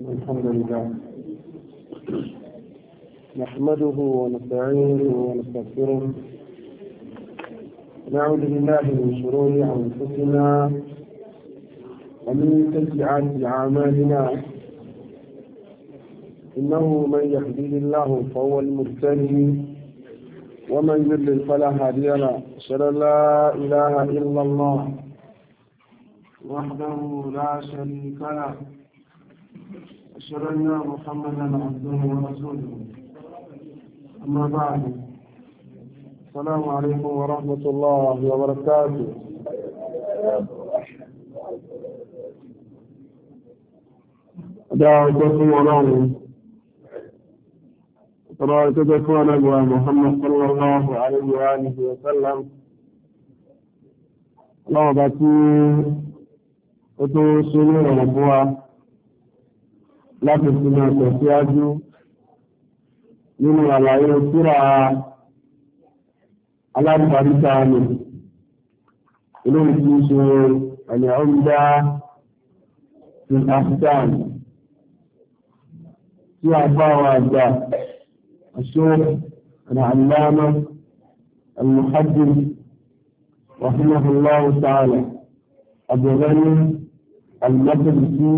الحمد لله نحمده ونستعينه ونستغفره نعوذ بالله من شرور انفسنا ومن سيئات اعمالنا انه من يهديه الله فهو المهتدي ومن يضلل فلا هادي له اشهد ان لا اله الا الله وحده لا شريك له أشهد أن محمدا عبده ورسوله أما بعد السلام عليكم ورحمة الله وبركاته دعوتكم ورحمة طرائقتك ونبوى محمد صلى الله عليه وآله وسلم اللهم باتي وتوصلون ربوه láti fi máa tẹ̀síwájú nínú àlàyé síra alábàríta nì ilé ìtí ṣe ẹ̀lẹ̀ ọ̀rúdá ti afghan tí a bá wa àgbà aṣọ́ العلامة المحدث رحمه الله تعالى أبو غني المقدسي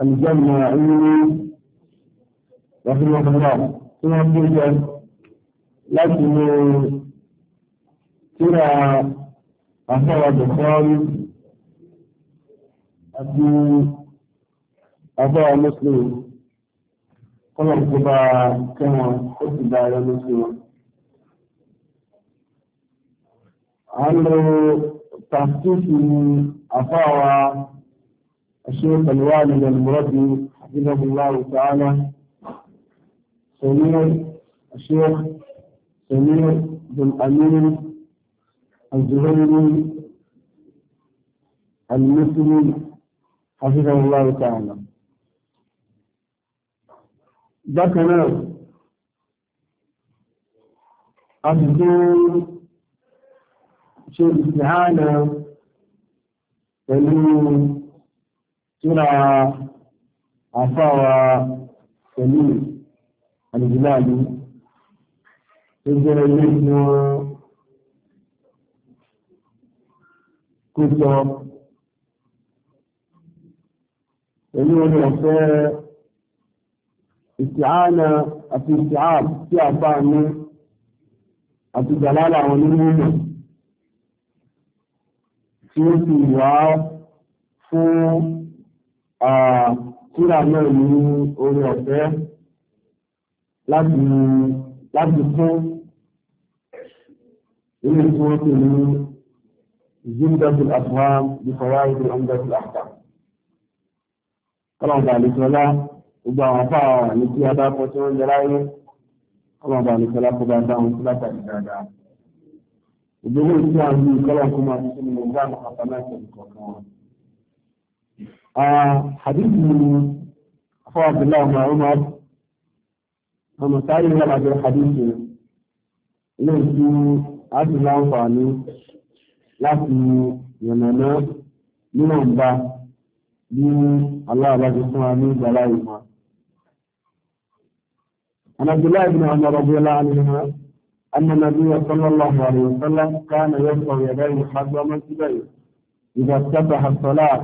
الجماعين رحمه الله ثم يوجد لكن ترى أثر البخاري أبي أبا مسلم قال الكبا كما كتب على مسلم عنه تحقيق أثار الشيخ الوالي والمربي حفظه الله تعالى سمير الشيخ سمير بن امير الزهري المصري حفظه الله تعالى ذكر أفضل شيء استعانة tíra àfáwà pẹ̀lú àdìgbìláàdì tó jẹ́ ilé tí wọ́n kó jọ pẹ̀lú orí ọ̀fẹ́ ìsìáàna àti ìsìáà tí àfáà ní àti jàlálà àwọn onímọ̀ tí ó sì wá fún Tíra náà ní orí ọ̀fẹ́ láti fún ilé tí wọ́n pè ní Zindatul Afham bí Fọwọ́ Ìdí Ọmọdé Àkà. Kọ́lọ̀mọ̀bà Àlùsọ́lá, gbogbo àwọn afá àwọn ní kí adákọ̀ tí wọ́n jẹ láyé, kọ́lọ̀mọ̀bà Àlùsọ́lá kó bá dáhùn sí látàrí dáadáa. Ìgbéwò ìṣẹ́ àwọn ìkọ́lọ̀kùnmọ̀ àti sínú حديث من أخوة عبد الله بن عمر ومسائل هو بعد الحديث إليه في عبد الله فعلي láti yànnàná nínú ọ̀gbà bí aláàbájú fún wa ní ìgbàlá ìmọ̀. Anàbílá ìbìnà ọmọ rọ̀bíọ́lá alìmọ̀, annàbí sallallahu alaihi wasallam kana yasfa yadayhi hadwa masjidayn idha iftataha as-salat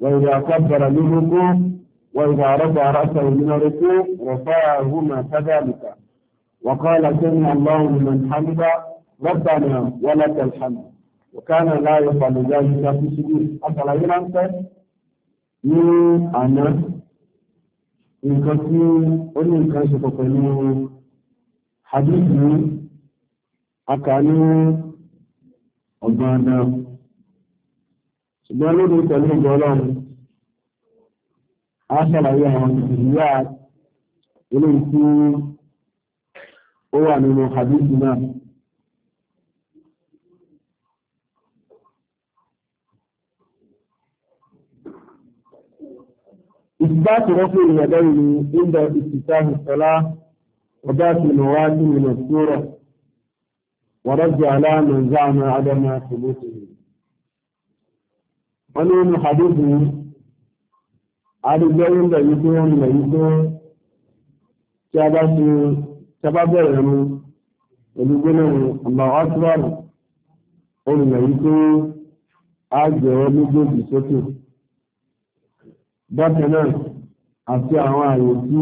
وإذا كبر منكم وإذا رفع رأسه من الركوع رفعهما كذلك وقال سمع الله لمن حمده ربنا ولك الحمد وكان لا يفعل ذلك في سجود أصلا ينفع ní àná nǹkan tí ó ní nǹkan ṣe pọ̀ pẹ̀lú hadith ní aka ní àwọn ṣàlàyé àwọn ìdíyà eléyìí tí ó wà nínú hadith náà إثبات رفع اليدين عند افتتاح الصلاة وذات المواد المذكورة ورد على من زعم عدم ثبوته. ونحن حديث àdúgbẹ́rún bẹ̀ yí tó wọ́n lẹ̀ tó tí a bá ṣe tí a bá bẹ̀rẹ̀ mu olùgbé náà àmà ọ́tíwárì olùlẹ̀ yí tó á jẹ́wọ́ méjèèjì sókè bákan náà àti àwọn àyè tí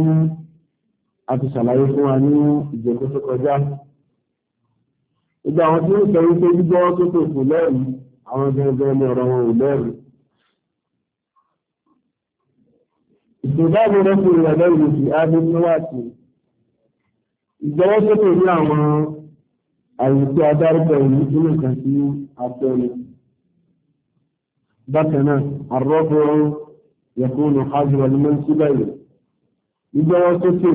a ti ṣàlàyé fún wa ní ìjẹ́kó tó kọjá ìgbà àwọn tí ó sọ wípé gbígbọ́ sókè kò lẹ́rìí àwọn gẹ́gẹ́ ní ọ̀rọ̀ wọn ò lẹ́rìí ìbáàbò rẹ́pù ìrọ̀lẹ́ ìrìnjì abúlúwàtì ìgbọ́wọ́sókè ní àwọn àyíkú adárúkọ ìlú nínú kan sí abẹ́lẹ̀ bákan náà àrọ́bọ̀ yẹ̀kúnù hajjọ́ ọlọ́mọ sílẹ̀ yìí ìgbọ́wọ́sókè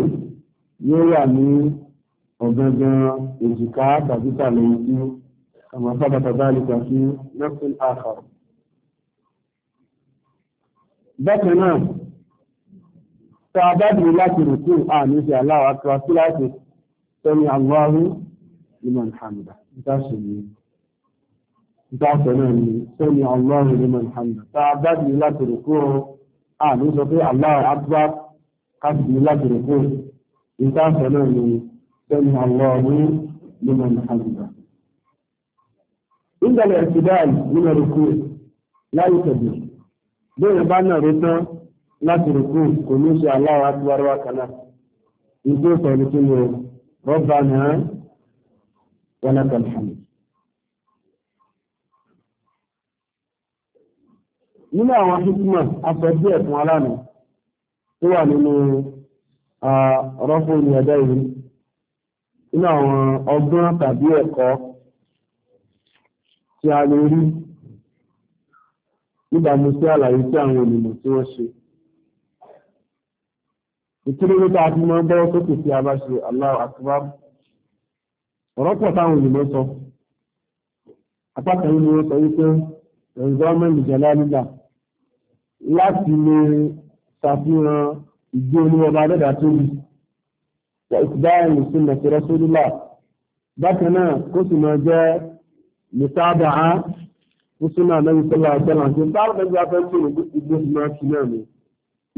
yóò wà ní ọ̀gangan èjìká tàbí tàlẹ́yìn tí kàmá sábàtà báyìí náà tó a bá dìde láti rùkú àmì ìṣe aláwọ̀ akọ́wà sí láti sẹ́ni Allahu liman hamida níta ṣe ní níta ṣe náà ní sẹ́ni Allahu liman hamida tó a bá dìde láti rùkú àmì ìṣe pé aláwọ̀ akọ́wà kásìmí láti rùkú níta ṣe náà ní sẹ́ni Allahu liman hamida. Nígbà lẹ́yìn ìdáàlì nínú rùkú láyé tẹ̀lé bóyá bá náà rí tán láti rúkú kò ní ṣe aláwọ̀ agbára kanáà ìgbé pẹ̀lú kí ni rọ́bà náà wọn lákàlù hàmì. nínú àwọn hikmah afẹ́bí ẹ̀fún aláàánú tó wà nínú rọ́fún ìyẹ̀dá yìí nínú àwọn ọgbọ́n tàbí ẹ̀kọ́ tí a lè rí níbàámu sí àlàyé tí àwọn olùmọ̀ tí wọ́n ṣe ìkíríwé tá a fi máa ń bọ́ sókè tí a bá ṣe Allahu Akbar ọ̀rọ̀ pọ̀ táwọn òyìnbó sọ apákan yìí ni wọ́n sọ wípé ẹ̀ǹzọ́mẹ́ǹdì jẹ́lá nígbà láti lè ṣàfihàn ìgbé oníwọba dẹ́dà tó bí ìtìdáyàmì sí mẹ̀sẹ̀rẹ́ sódúlà bákan náà kó sì máa jẹ́ mùtáàbà á ó sì máa lẹ́yìn sọ́lá ọ̀gbẹ́lá ṣe bá ọ̀gbẹ́gbẹ́ afẹ́ tó ìgbésí máa ṣì náà ni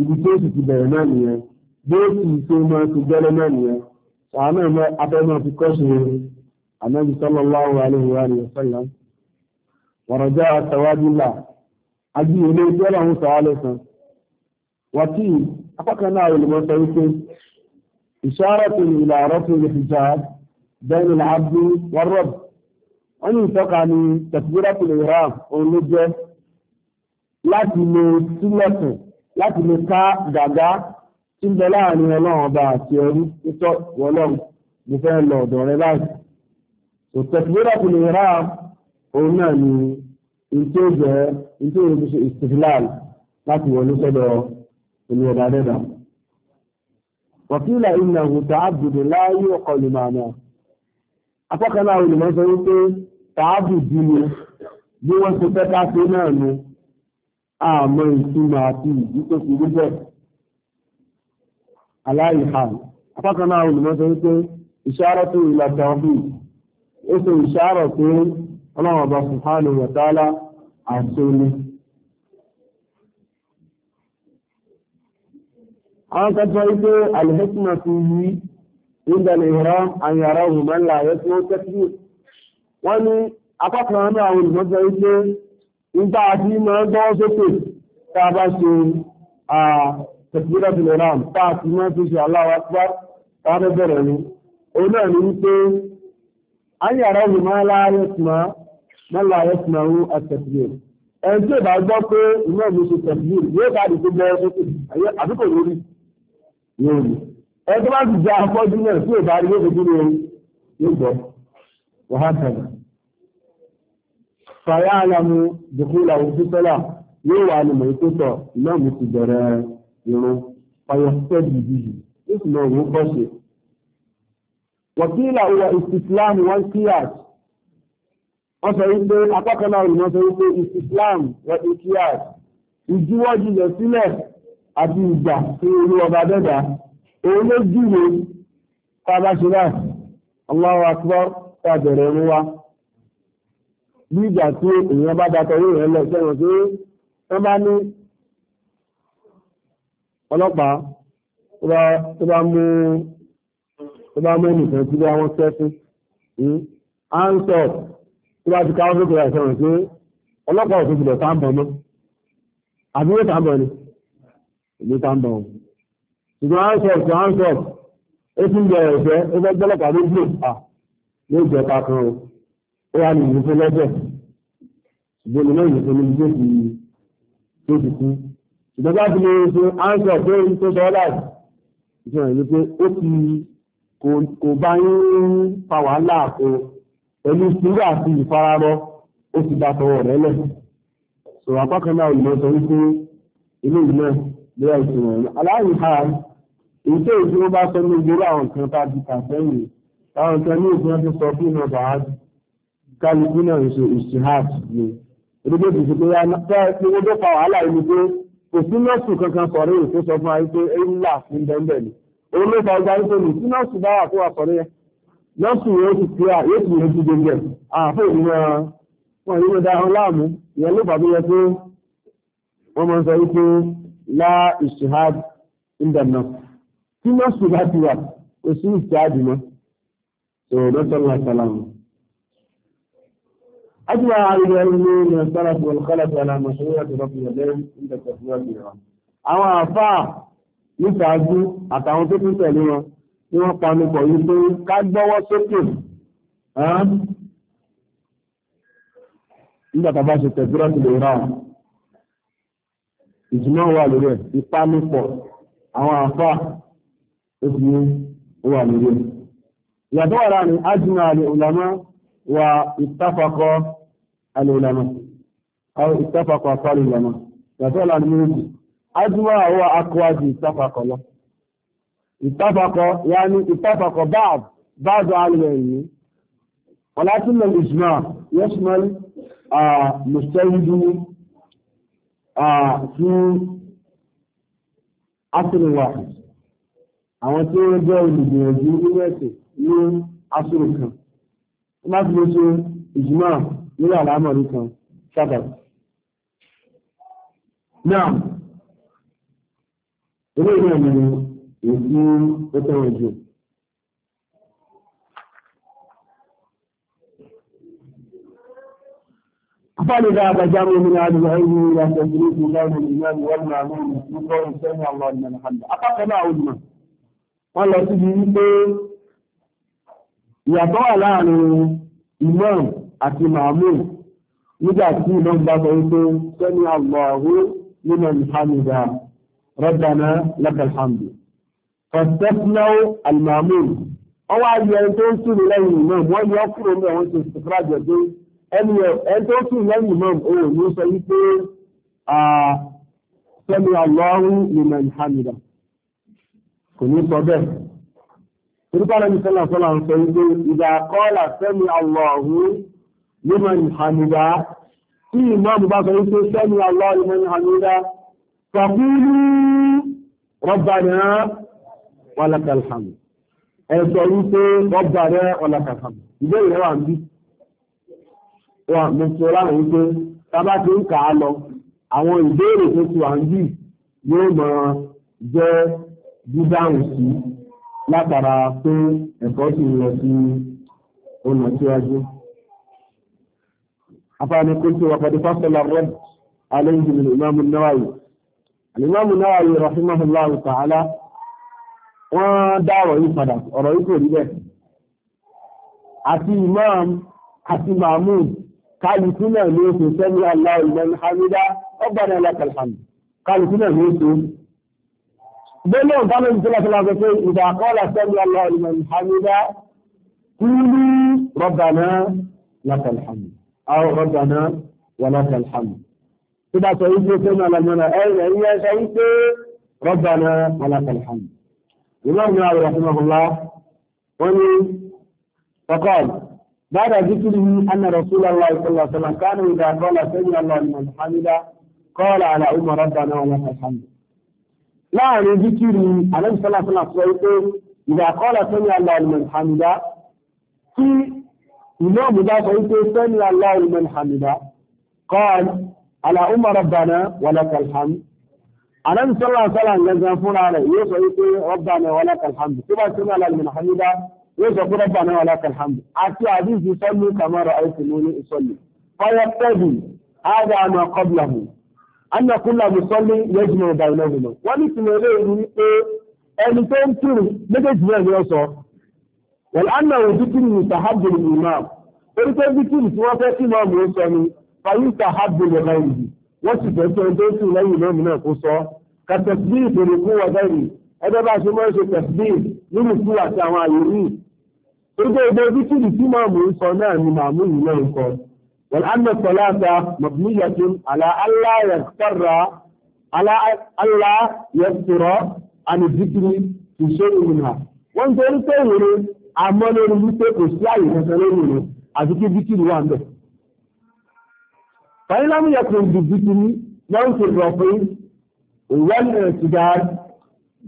ibi tó sì ti bẹ̀rẹ̀ náà nìyẹn bí ó sì ṣe máa ti gbẹ́lẹ́ náà nìyẹn sàánà mọ́ abẹ́mọ́ fi kọ́ṣe ànábi sallallahu alaihi wa sallam wàrọ̀já àtàwádìlà ají ilé iṣẹ́ lọ́hún sọ̀rọ̀ sọ na ni láti lè láti lè ká tí ń bẹ láàrin ọlọ́run ọba àti ẹrú títọ́ wọlọ́run mo fẹ́ lọ ọ̀dọ̀ rẹ báyìí òtẹ̀kùnrin àti lè rà òun náà ni ìtí ó jẹ́ ìtí ó ṣe ìsìláàlì láti wọlé sọ́dọ̀ ìlú ọba dẹ́dà wàkílà ìnà òkúta àbùdù láàyè ọkọ̀ lùmọ̀ọ́nà apákaná olùmọ̀ sọ wípé tààbùdù ni bí wọ́n ṣe fẹ́ ká ṣe náà ni àmọ́ ìtumọ̀ àti ìdí tó fi rí bẹ́ẹ̀ aláìhàn apákan náà olùmọ́sọ wípé ìṣàrọ̀ tó ìlà tàbí ó ṣe ìṣàrọ̀ pé ọlọ́run ọba subhanahu wa ta'ala àṣẹni àwọn kẹta wípé alhikma fi yí ìdàlẹ̀ ìrọ̀ àyàrá òmìnira ayẹ́sìn ó tẹ́kí wọ́n ní apákan náà olùmọ́sọ wípé nígbà àti ìmọ̀ ẹgbẹ́ sókè tá a ṣe tẹ̀síwọ́dá ti lọ́ra àmì tá a ti máa fi ṣe aláwa pa táwọn bẹ̀rẹ̀ ni òun náà ní wípé ayé ara òun máa láàárọ̀ tìmá máa láàárọ̀ tìmá ń àtẹ̀síwọ̀ ẹni tí ò bá gbọ́ pé iná mi ṣe tẹ̀síwọ̀ yóò bá dìbò bọ́ sókè àbíkò lórí yóò rí ẹni tó bá ti jẹ afọ́jú náà tí ò bá rí yóò dúró yóò gbọ́ wàhálà fàyà àlàmù dùkúlà òfin sọ́là yóò wà ní mọ̀ ìkótọ̀ iná mi ti bẹ̀rẹ̀ ìrun fàyẹ̀sẹ́dì yìí yóò sì máa wò ó kọ́ṣe. wàkílà ìwà ìsìsìláàmù wọn kíyàt wọ́n sọ wípé apákan náà olùmọ̀ sọ wípé ìsìsìláàmù wọn kíyàt ìjúwọ́ jùlọ sílẹ̀ àti ìgbà tí olú ọba dẹ́dà òun ló jùlọ tábà ṣe náà Allahu akbar tàbẹ̀rẹ̀ bí ìgbà tí èèyàn bá yóò rẹ̀ lọ sẹ́wọ̀n wọ́n bá ní ọlọ́pàá tó bá mú ẹnìkan tí bá wọ́n sẹ́fún áńsọ̀ tó bá ti ká wọ́n fẹ́kọ̀ọ́ ẹ̀sẹ̀ rẹ̀ pé ọlọ́pàá òfin ìbílẹ̀ táàbọ̀ mọ́ àbúrò táàbọ̀ ni ìlú táàbọ̀ wọn ṣùgbọ́n áńsọ̀ tó áńsọ̀ ó tún bẹ̀rẹ̀ ẹ̀fẹ́ ó fẹ́ gbọ́lọ́pàá ló gbé pa ló jẹ́ pa kan o ó wà ní ìlú fún lọ́jọ́ ṣùgbọ́n ìlú náà ìlú fún ní ìjọba ti lè ṣe áńsọ̀ pé ń tó sọ́ọ́lá ìṣẹ́ rẹ̀ wípé ó fi kò bá yín fa wàhálà àpò pẹ̀lú sùúrù àti ìfararọ ó ti bá tọwọ́ rẹ̀ lẹ̀ sọ̀rọ̀ apá kan náà ìmọ̀ sọ wípé ilé ìlú náà lóyà ìṣòro ọ̀nà aláàrùn ha èyí tó èyí ó bá sọ ní ìgbéró àwọn nǹkan tá a ti kà sẹ́yìn àwọn nǹkan ní ìpínlẹ̀ tó sọ fún ìmọ̀ bàá kálukú náà ń ṣe ìṣìhàt ni. Èdè tó ti ṣe pé wọ́n tó fa wàhálà yìí ni pé kò sí nọ́ọ̀sù kankan sọ̀rọ̀ èyí tó sọ fún ayé pé èyí ńlá ní bẹ́ẹ̀ ni òun ló fa ọgbà ayé tó ní sí nọ́ọ̀sù bá wà tó wà sọ̀rọ̀ yẹn nọ́ọ̀sù yóò ti pé à yóò ti yẹn ti gbogbo ẹ̀ àfẹ́ òun náà wọn yóò da ọ̀hún láàmú ìyẹn ló bàbá yẹ pé wọ́n máa ń sọ wípé lá ìṣèhàd ìdànà tí nọ́ọ̀sù bá ti wà kò sí ìṣèhàd mọ́ sọ̀rọ̀ lọ́sọ̀rọ̀ أجمع على العلمين من السلف والخلف على مشروعية رب العالمين عند التسوية الإيران. àwọn àfáà níṣáájú àtàwọn tó tún tẹ̀lé wọn tí wọ́n panu pọ̀ yìí pé ká gbọ́wọ́ sókè nígbà tá a bá ṣe tẹ̀síwá sí lè ra wọn. ìjùmọ̀ wà lórí ẹ̀ ìpanu pọ̀ àwọn àfáà ó fi wà lórí ẹ̀. ìyàtọ̀ wà láàrin ájúmọ̀ àlè òlàmọ́ wa ìtàfàkọ́ العلماء أو اتفق أقوال العلماء يقول الموجي أجوى هو أقوى اتفق الله اتفق يعني اتفق بعض بعض أهل ولكن الإجماع يشمل آه مجتهد آه في عصر واحد àwọn tí wọ́n jẹ́ olùgbìyànjú nínú ẹ̀sìn ní asúrù Láti lè ṣe ìjìmọ̀ ní àlámọ̀rí kan sábàbí. Náà, ilé ìlú ẹ̀mí èsì ó tẹ̀wọ̀n jù. فلذا بجروا من هذا العلم الى تدريب بين الامام والمامون في قول سمع الله لمن حمده. أقل ما علمه. قال له سيدي يا طالع الإمام àti màmúù nígbà tí ìmọ̀ bá sọ wípé sẹ́ni Allahu liman hamida rabbana lakal hamdu fastafnaw al-ma'mum wọ́n wá yọ ẹni tó ń sùn lẹ́yìn imam wọ́n yọ kúrò ní àwọn tó ti fúra jẹ pé ẹni ẹni tó ń sùn lẹ́yìn imam ò ní sọ wípé sẹ́ni Allahu liman hamida kò ní sọ bẹ́ẹ̀ torípàá lẹ́yìn sẹ́lá sọ́lá ń sọ wípé ìdá qala sẹ́ni Allahu liman hamida tí ìmọ́mù bá sọ wípé sẹ́ni Allah liman hamida fàkúrú rabbana walakal hamd ẹ̀sọ̀ wípé rabbana walakal hamd ìgbé ìrẹ́ wà ń bí wà mẹ́sọ̀ láàrín wípé tábà ti ń kà á lọ àwọn ìbéèrè tó ti wà ń bí yóò mọ jẹ́ dídáhùn sí látara pé ẹ̀kọ́ sì ń sí ọ̀nà síwájú. أفأنا كنت وقد فصل الرد عليه من الإمام النووي الإمام النووي رحمه الله تعالى ودعوة يفدك ورأيك لبه àti imam àti mahmud kálukú náà ló ṣe sẹ́mi aláwọ̀ ìmọ̀ hamida ọgbàdàn alákàlhàmù kálukú náà ló ṣe bẹ́lẹ̀ ọ̀gánà ìjọba tó pé ìdàkọ́lá sẹ́mi aláwọ̀ ìmọ̀ hamida kúlú rabbana lakal hamd àwọn ọ̀gbọ̀nà wọlọ́kà alhamdu tó bá sọ wípé tó náà lọ́mọ́nà ẹ̀rẹ̀ ìyẹ́ sọ wípé rọ́bànà wọlọ́kà alhamdu ìmọ̀ ìmọ̀ àwọn ìrọ̀sọ́mọ̀lá wọ́n ni فقال بعد ذكره أن رسول الله صلى الله عليه وسلم كان إذا قال الله لمن حمده قال على أم ربنا ولك الحمد láàrin zikiri alẹ́sọ́lásọ́lá sọ wípé ìdàkọ́lá sọ́yìn aláàlùmọ̀ ìhàmìdá tí ìmáàmù bá sọ wípé sẹ́ni Allahu liman hamida qala Allahumma rabbana wa lakal hamd àdáni sọ́lá sọ́lá gangan fúnra rẹ̀ yóò sọ wípé rabbana wa lakal hamd tó bá sẹ́ni Allahu liman hamida yóò sọ pé rabbana wa lakal hamd àti àdìsí sallu kama ra'aytumuni usalli fayaqtadi hadha ma qablahu anna kulla musalli yajma'u baynahuma wọ́n ní tìmọ̀ ilé ìlú pé ẹni tó ń kírun méjèèjì náà ni ó sọ wọ́n á náà dìkìrì ní sàhábìlì imam orí pé dìkìrì tí wọ́n fẹ́ kí máa mú sọ ni fàyí sàhábìlì ọ̀la ìlú wọ́n sì fẹ́ kí ẹni tó sì lẹ́yìn lómi náà kó sọ ka tẹ̀síbí ìbèrè fún wọn bẹ́ẹ̀ ni ẹgbẹ́ bá ṣe máa ń ṣe tẹ̀síbí nínú kú àti àwọn àyè rí orí pé ìgbẹ́ dìkìrì tí máa mú sọ náà ni màmú yìí náà ń kọ wọ́n á náà sọ láta mabniyatin ala Allah yẹ̀kọ́ra ala àmọ́ lórí wípé kò sí àyè kankan lórí rẹ̀ àti kí bíkìrì wà ń bẹ̀. fàyínlámù yẹ kò dùn bíkìrì wọ́n ti rọ̀ pé ìwọ́n ìrìnàṣìdá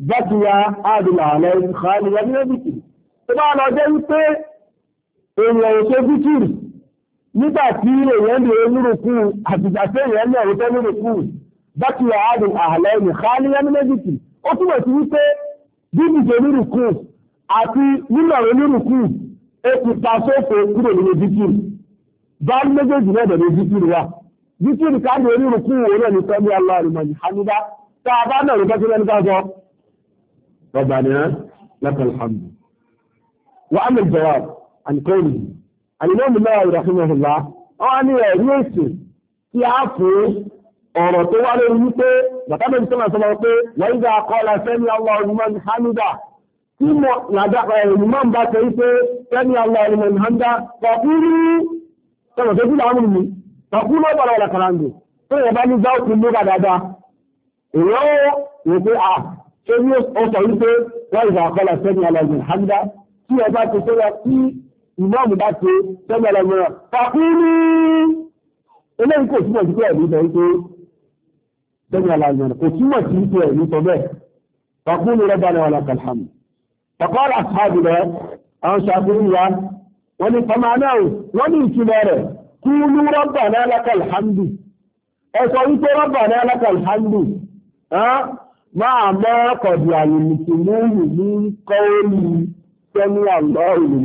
bákìyà àdìlà àlẹ́ ìkàlì wọn ní bíkìrì. tó bá lọ jẹ́ wípé èèyàn ò ṣe bíkìrì nígbà tí èèyàn lè nírùkú àtìgbà tí èèyàn lè rúkọ́ nírùkú bákìyà àdìlà àlẹ́ ìkàlì wọn ní bíkìrì. ó túbọ̀ sí wípé bí àti nílọ̀rọ̀ onírùkú èkùtà sófò kúrò nínú díkìrì báyìí méjèèjì náà dẹ̀rẹ̀ díkìrì wa díkìrì káàdì onírùkú òun ẹni sọ ní aláàrùmọ̀jì hanúbá tá a bá náà rí kẹ́kẹ́ lẹ́nu ká sọ ọba ni hàn lakal hamdu wa amma jawab an kọ́ọ̀lù alimọ́mù náà ìrọ̀fínàfínà wọ́n ní ẹ̀rí èsì tí a fún ọ̀rọ̀ tó wá lórí wípé bàtà pé wọ́n ń gbà kọ́ tí mo làdàpà ẹ̀rùn máa ń bá tẹ wípé tẹ́ni àwọn ọmọ ìhàndá pàkúrú tọ̀rọ̀ tó fílà ámùn mi pàkúrú ó bọ̀rọ̀ ọ̀rọ̀ kàràǹdù tó yẹ bá ní gbá òkú ló bá dáadáa èèyàn ó rò pé ní ó kò túmọ̀ sí pé ẹ̀mí sọ wípé tẹ́ni àwọn kò túmọ̀ sí pé ẹ̀mí sọ bẹ́ẹ̀ pàkúrú ní wọn lọ́kàlhámù Tọ̀kọ́ àṣàbì rẹ̀, àwọn ṣàfihàn wa, wọ́n ni fọmọ náà wọ́n ní ìtumọ̀ rẹ̀ kú ní rọ́bà náà lákà alhamdu. Ẹ sọ wípé rọ́bà náà lákà alhamdu. Máa mọ́ kọ̀dù àyè mùsùlùmí ní kọ́ọ̀lù sẹ́mi àlọ́ ìlú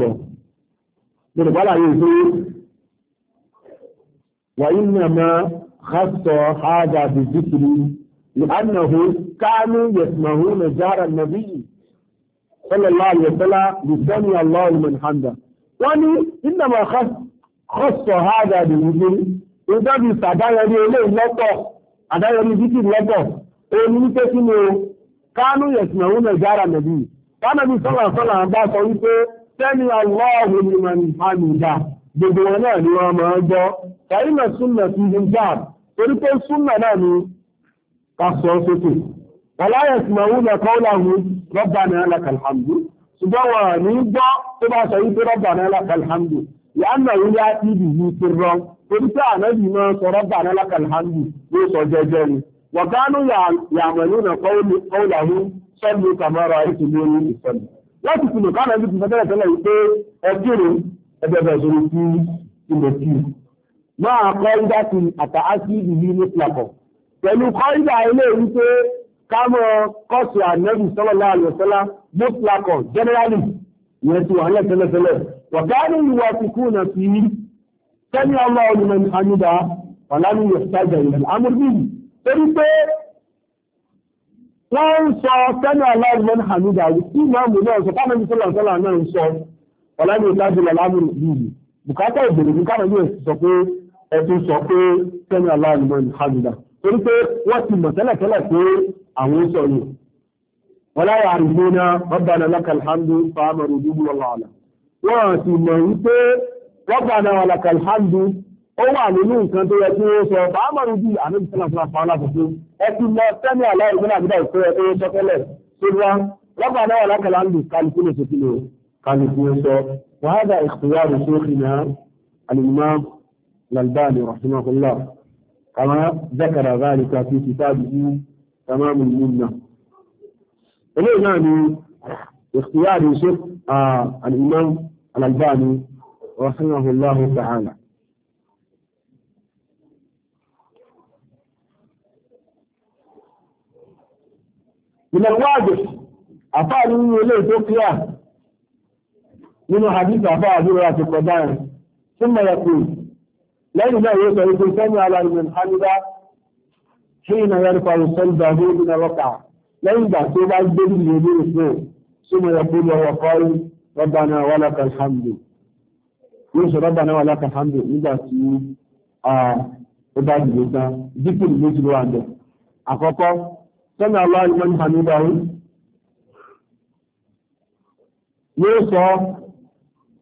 ẹ̀ gbogbo aláyé ìṣó wà iná ma hásọ hádà bí zikiri ní annahu kánú yasmahu na jára nàbí sallallahu alaihi wasallam bi sami allah man hamda wani inna ma hásọ hádà bí zikiri ìdábi sàdáyẹrí ilé lọ́tọ̀ àdáyẹrí zikiri lọ́tọ̀ òní ní pé kí ni o sẹ́ni aláàrùn ni ma ní àmìdá gbogbo wọn náà ni wọ́n máa gbọ́ ṣàrímẹ̀ súnmẹ̀ tí ó jáàb torí pé súnmẹ̀ náà ni kàṣọ sókè aláyẹ̀ sì máa wúlẹ̀ kọ́ láhùn rọ́bà náà lákàlhàmdù ṣùgbọ́n wọn ní gbọ́ tó bá sọ wípé rọ́bà náà lákàlhàmdù yàánà wúlẹ̀ àti ìdì yìí ti rọ torí pé ànábì máa sọ rọ́bà náà lákàlhàmdù ló sọ jẹjẹ ni wọ̀gánú yàmẹ̀lú náà kọ́ láhùn sọ́ọ̀lù kàmọ́ra ìtìlú ìsọ̀lù láti fi lè bá nàbí ti fẹ́tẹ́rẹ̀ tẹ́lẹ̀ wípé ẹgbẹ̀rẹ̀ ẹgbẹ̀rẹ̀ ìṣòro sí ilẹ̀ tí máa kọ́ ìdá sí àtà ásìdì yìí ní pìlàpọ̀ pẹ̀lú kọ́ ìdá ilé wípé kámọ́ kọ́sù ànẹ́bì sọ́lọ́lá àlùsọ́lá ní pìlàpọ̀ generally yẹn ti wà lẹ́tẹ́lẹ́tẹ́lẹ̀ wọ̀gáàrí ìwà ti kú nà sí sẹ́ni ọmọ olùmọ̀ àmìdá ọ̀lànà ìyẹ̀sájà ìlànà amúrbìlì torí pé wọ́n ń sọ sẹ́nà aláìmọ́n hàmídà tí ìmáàmù náà sọ fáwọn ẹni sọ́lá sọ́lá náà ń sọ ọ̀lànà ìlàjì lọ́lámù bíbí bùkátà ìbèrè ní káwọn yóò sọ pé ẹtún sọ pé sẹ́nà aláìmọ́n hàmídà torí pé wọ́n ti mọ̀ tẹ́lẹ̀ tẹ́lẹ̀ pé àwọn ń sọ yìí wọ́n láyà àrùgbó náà rabbana lakal hamdu fàámọ̀rù dúdú ọlọ́ọ̀lá wọ́n ti mọ̀ wípé rabbana ó wà nínú nǹkan tó yẹ kí ó sọ bàámọ̀rú bí àmì sọ́nà fún aláàbòsí ẹtì lọ sẹ́mi aláìsílẹ̀ àbúdá ìkó ẹ tó yẹ sọ tẹ́lẹ̀ tó wá lọ́pàá náà wà lákàlà ń lù kálukú lè ṣe kílò kálukú ó sọ wàhádà ìkúyàrú tó fi náà alìmọ́ lalbani rahimahullah kama zakara zalika fi kitabihi ìlẹ̀wọ́dù àfáà nínú ilé tó kíyà nínú hadith àfáà àbúrò àti kọjá rẹ̀ tí mọ̀ yẹ kúrò lẹ́yìn náà yóò sọ wípé sẹ́mi alàrùn hamida ṣí iná yẹn nípa ìṣẹ́ ìgbàgbé ìdínà rọ́kà lẹ́yìn ìgbà tí ó bá gbé ní ìlú ìṣẹ́ tí mọ̀ yẹ kúrò lọ́wọ́ kọ́rí rabbana dípò méjì àkọ́kọ́ sọ́nà àwọn alìmọ́ ní hàmídà rí yóò sọ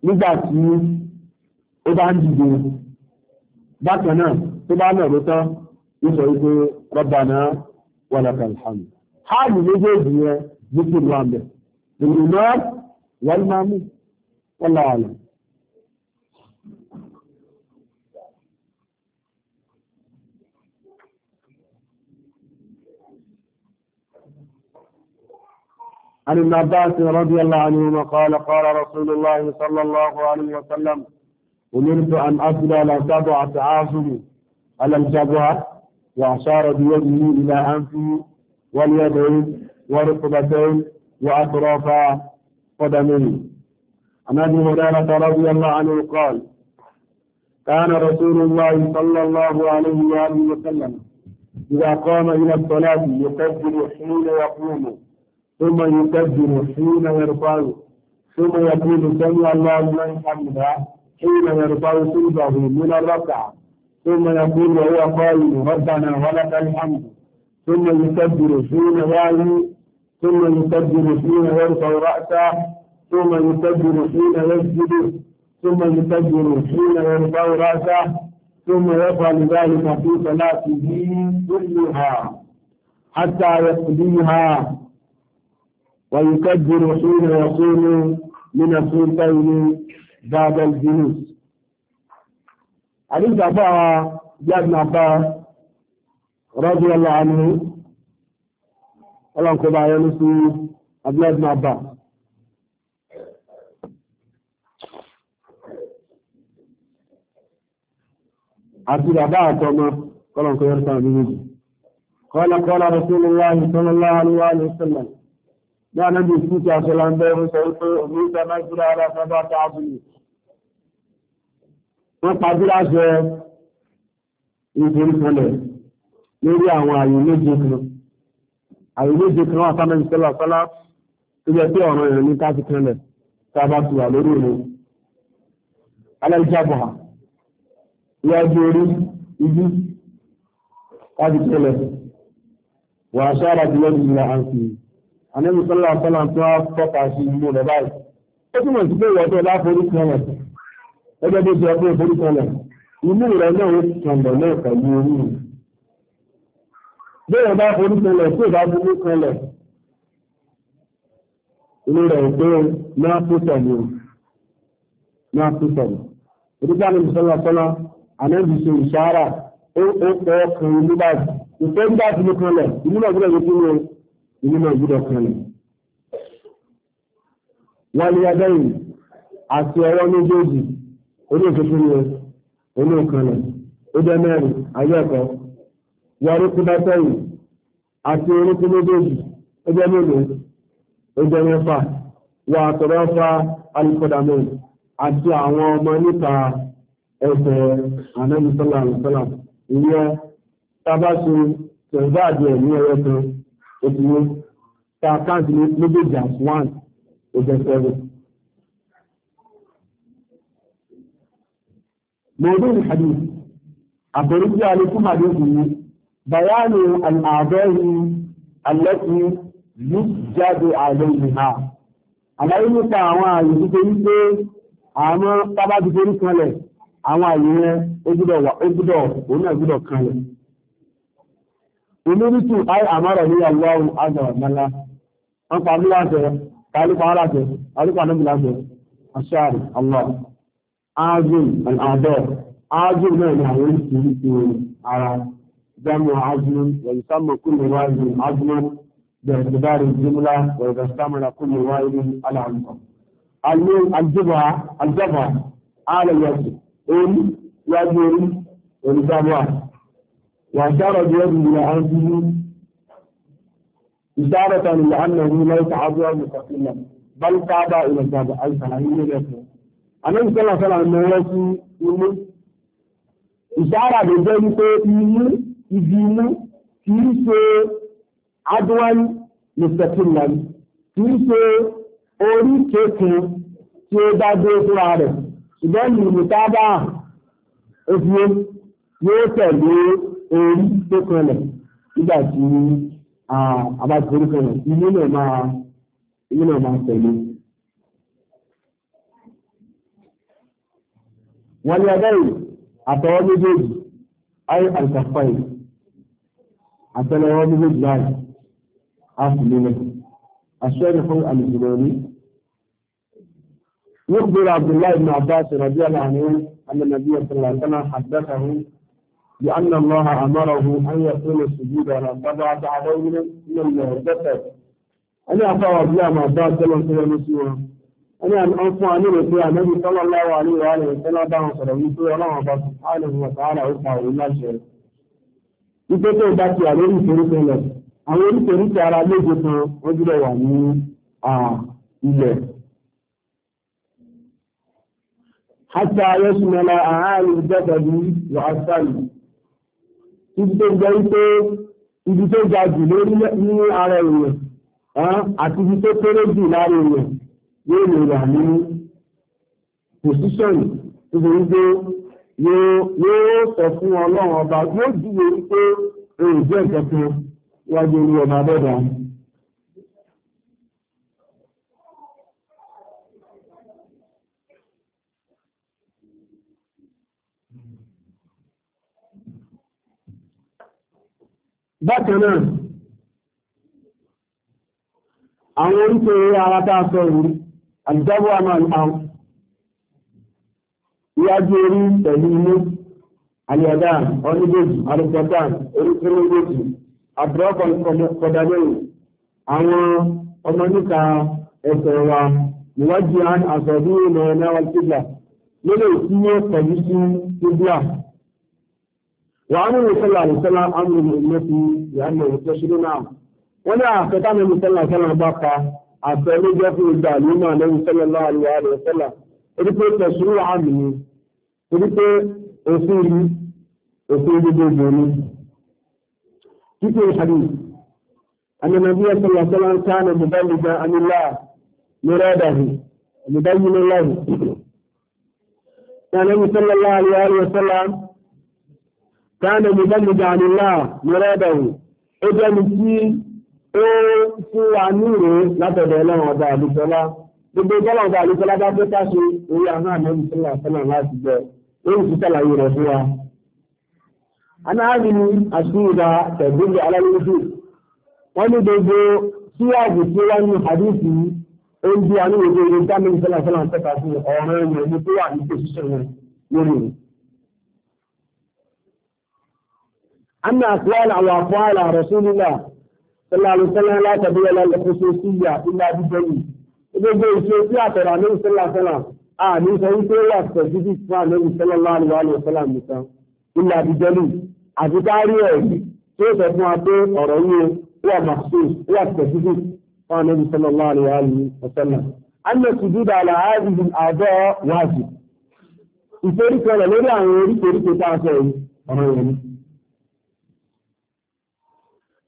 nígbà tí ó bá ń dìde bákan náà tó bá nà lótọ́ ìsọ̀ ìgbé rọ́bàná wàlàkà ìhàmì hàmì méjèèjì yẹn ní kí ìlú àmì ìrìnà wàlmàmù wàlàwàlà عن ابن عباس رضي الله عنهما قال قال رسول الله صلى الله عليه وسلم أمرت أن أفضل سبعة أعظم على الجبهة وأشار بيده إلى أنفه واليدين ورقبتين وأطراف قدمين عن أبي هريرة رضي الله عنه قال كان رسول الله صلى الله عليه وآله وسلم إذا قام إلى الصلاة يكبر حين يقوم ثم يكبر حين يرفع ثم يقول سمع الله لمن حمده حين يرفع صلبه من الركعة ثم يقول وهو قائل ربنا ولك الحمد ثم يكبر حين يعلو ثم يكبر حين يرفع رأسه ثم يكبر حين يسجد ثم يكبر حين يرفع رأسه ثم يفعل ذلك في صلاته كلها حتى يقضيها ويكبر حين يكون من السلطين بعد الجلوس حديث أبا بن عباس رضي الله عنه ọlọ́run kó bá yọnu sí abdullahi ibn abba àti bàbá àtọmọ kọlọ̀n kó yọnu sáà nínú jù kọ́lá kọ́lá rasulullah sallallahu alaihi wa sallam ní anábì fún ti àṣọlá ń bẹ́rún sọ wípé omi ìta nàìjíríà ara sábà ta àbúrò wọ́n pajú láṣẹ ìforísọlẹ̀ lórí àwọn àyè méje kan àyè méje kan wà sábà ìṣẹ́lá sọ́lá tó jẹ́ pé ọ̀ràn ìrìn ní káàkiri kanlẹ̀ tá a bá ti wà lórí òun aláìjábọ̀ iwájú orí ibi káàkiri kanlẹ̀ wà á ṣára bí àǹfààní àníbi sọ́lá sọ́lá tó wá tọ́ka sí ìlú rẹ̀ báyìí ó túmọ̀ sí pé ìwọ́n tó bá forí kan rẹ̀ ẹgbẹ́ tó ti ọdún forí kan rẹ̀ ìlú rẹ̀ náà ó kàndọ̀ náà pẹ̀lú orí rẹ̀ bẹ́ẹ̀ bá forí kan rẹ̀ tó bá forí kan rẹ̀ ìlú rẹ̀ pé náà tó tẹ̀lé náà tó tẹ̀lé ìdíjà àníbi sọ́lá sọ́lá àníbi ṣe ìṣàrà ó ó kọ́ ọkùnrin nígbà ìfẹ́ nígbà ìfẹ́ kan rẹ̀ ìlú náà ìlú náà gbúdọ̀ kanlẹ̀. Wọ́n ní abẹ́yìn àti ọwọ́ méjèèjì olóòtútù ni olóòkanlẹ̀ ó jẹ́ mẹ́rin ayé àti orúkú méjèèjì ó jẹ́ mélòó ó jẹ́ àti àwọn ọmọ níta ìyẹn tẹ̀síwájú ẹ̀mí kan. òtúwó ta account méjèèjì as one ojú seven. Mọ̀ọ́dún ìhàdí àforíjì àlékún àdéhùn ni bayanu al'adari alẹ́kùn yìí jáde ìhà. Àlàyé nípa àwọn àyè tó torí pé àwọn torí kanlẹ̀ àwọn àyè òun náà kanlẹ̀. Omúrítù àì àmárọ̀ ní Allahu Azọ̀mọ́lá. Wọ́n pa mí láti ẹ̀, kàlùpà láti ẹ̀, kàlùpà náà láti ẹ̀, aṣáàrì, Allah. Azùn àdọ̀, azùn náà ni àwọn oríṣiríṣi ara. Jẹ́mu azùn, wẹ̀lùsámọ̀ kúrò wáyé azùn, bẹ̀rẹ̀dẹ̀dárì jùmlá, wẹ̀lùsámọ̀ kúrò wáyé aláàmọ̀. Alé aljọba, aljọba, alẹ́yẹsì, orí, yájú orí, olùdámọ̀ وأشار بيده إلى أنفه إشارة لأنه ليس عضوا مستقلا بل قاد إلى الكعبة أي صلاحية لكن النبي صلى الله عليه وسلم ìmú ìṣára lè jẹ́ wípé imú ibi imú kì í ṣe adúwán mùsẹ̀kìlán kì í ṣe orí kéèkùn tí ó bá dé fúnra rẹ̀ ṣùgbọ́n ìlú tábà òfin yóò tẹ̀lé orí tó kanlẹ̀ nígbà tí àbájúforí kanlẹ̀ ilé náà máa ilé náà máa tẹ̀lé. wọ́n ní ọjọ́ yìí àtọwọ́ méjèèjì ayé àìsàfàì àtẹlẹwọ́ méjèèjì láàrín àfìlélẹ̀ àṣẹ ìfún àlùjùmọ̀ rí يخبر عبد الله بن عباس رضي الله عنه أن النبي صلى الله عليه وسلم حدثه لأن الله أمره أن يكون السجود على سبعة عدونا من المهدفة أنا أفعل بلا ما بعد سلام سلام مسلمة أنا أن أنفع أن يقول النبي صلى الله عليه وآله وسلم بعد سلام يقول الله سبحانه وتعالى أرفع إلا شيء Ipe tó bá ti àwọn oríṣiríṣi lọ, àwọn oríṣiríṣi ara méje kan wọ́n jùlọ wà ní ilẹ̀. Hátà ayọ́sùnmọ́lá àárín ìjọba ibi tó jẹ́ wípé ibi tó ga jù lórí ní ara èèyàn àti ibi tó kéré jù lára èèyàn yóò lè wà ní pòsíṣọ̀n nítorí pé yóò sọ fún ọlọ́run ọba yóò júwe wípé èrò jẹ́ ìkẹ́kẹ́ wájú orí ọba bẹ́ẹ̀ bákan náà àwọn oríṣẹ́ orí ara táa sọ ìrú àjíjábọ̀ àmà àwọn ìyájú orí pẹ̀lú inú àlẹ́dá ọlúgbòjì alùpọ̀tà oríṣẹ́lógójì àbúrọ́pọ̀ kọ̀dàlẹ́yìn àwọn ọmọ níta ẹ̀sẹ̀ wa níwájú àṣọ̀dún ìmọ̀ ẹ̀nà wàtíbà lólè tí yóò pẹ̀lú sí níbíà وعنه صلى الله عليه وسلم أمر من أمتي لأنه ينتشر نعم ولا أعتقد صلى الله عليه وسلم بقى أعتقد جاء في الدعليم النبي صلى الله عليه وسلم إذن تشريع عمي إذن أصولي أصولي بجوني كيف الحديث أن النبي صلى الله عليه وسلم كان مبلغا عن الله مراده مبين الله كان النبي صلى الله عليه وسلم كان مبلغ عن الله مراده ó jẹ́ mi tí ó fún wa ní ìró látọ̀dọ̀ ọlọ́run ọba àlùsọ́lá gbogbo ọlọ́run ọba àlùsọ́lá bá fẹ́ káṣe orí àwọn àmọ́bí sọ́lá sọ́lá láti bẹ̀ lórí sí sàlàyé rẹ̀ fún wa. anáàbí ni àṣìkúrúdà tẹ̀gbẹ́lẹ̀ alálùsù wọ́n ní gbogbo síwájú tí wọ́n ní àdúsì ó ń bí àwọn ìwé ìwé dámẹ́sọ́lá sọ́lá tẹ́ka sí ọ̀rọ̀ ẹ̀yìn ní tó wà ní pòṣíṣọ̀ yẹn lórí rẹ̀. أن أقوال أو أفعال رسول الله صلى الله عليه وسلم لا تدعو إلى الخصوصية إلا بدليل إذا جاء الشيخ ترى النبي صلى الله عليه وسلم آه من سويت الله سجد إسماء النبي صلى الله عليه وسلم إلا بدليل àtìkárí ẹ̀rí tí ó sọ fún wa pé ọ̀rọ̀ yìí wà maxus wà specific fún anábi sallallahu alaihi wa sallam anna sujuda ala hadhihi àbọ̀ wáàzì ìforíkọlẹ̀ lórí àwọn oríkèéríkèé tá a sọ yìí ọ̀rọ̀ yẹn ni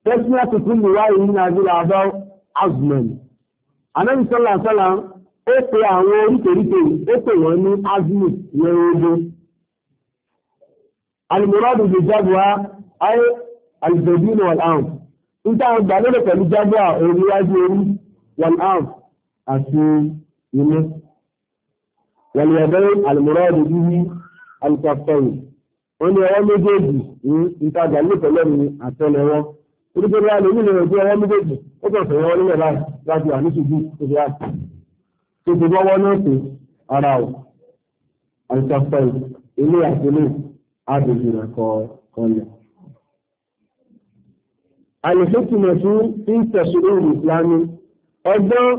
tasmiyatu kulli wahidin min hadhihi al-a'dha'i azman Ànábì sallallahu alaihi wasallam ó pe àwọn oríkèríkè ó pè wọ́n ní azmi yẹn ogo al-muradu bi jabwa ay al-jabin wal anf níta àwọn gbà lórí pẹ̀lú jabwa orí wájú orí wal anf àti inú wal yadayn al-muradu bihi al-kaffayn wọ́n ní ọwọ́ méjèèjì ní níta gbà lórí pẹ̀lú àtẹ́lẹwọ́ onígbèrè wa lèmi lè rògbé ọwọ́ méjèèjì ó kàn fẹ̀yẹ́ wọn nílẹ̀ báyìí láti wà níṣubú òbí wa tó ti gbọ́wọ́ náà pé ara ò àìsàfẹ́ ilé àtúnlé àbèjì rẹ̀ kọ kọlẹ̀. àlèfẹ́kùnmọ̀ fún ìtẹ̀sùn ìlú ìsìlámi ọgbọ́n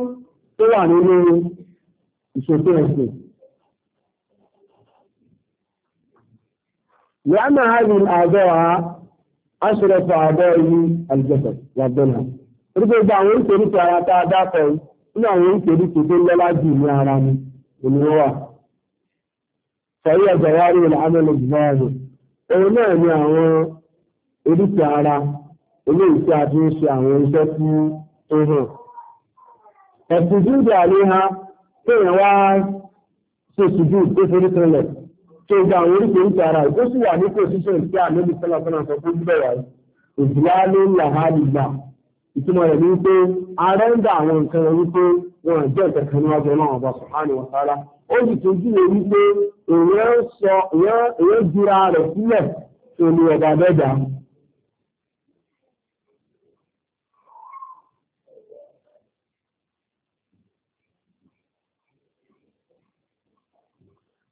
tó wà nínú ìṣòfò ẹ̀sìn لأن هذه الأعضاء aṣọ́rọ̀fà àbọ̀ ìlú àlùjọ́sọ̀ làbẹ́nà. Oríṣi gba àwọn ìpèríkè ara a dákọ̀ nínú àwọn ìpèríkè tó lọ́lá jù ní ara mi ènìyàn wà. Sọ̀rí àjàwárí ìlànàmọ́lẹ̀ ìgbàlódé. Òun ni àwọn a fi ha, tó gba àwọn oríkèéríkè ara ẹ̀ tó sì wà ní pòsíṣọ̀n tí àlébí sọ́lọ́sọ́lọ́ sọ fún bíbẹ̀ wáyé òjìlá ló ń là hálì gbà ìtumọ̀ rẹ̀ ní pé ara ń dá àwọn nǹkan rẹ̀ wípé wọn jẹ́ ìkẹ̀kẹ́ níwájú ọlọ́run ọba sọ̀hánì wàhálà ó sì tún júwe wípé èèyàn jura rẹ̀ sílẹ̀ pẹ̀lú ọba dẹ́dà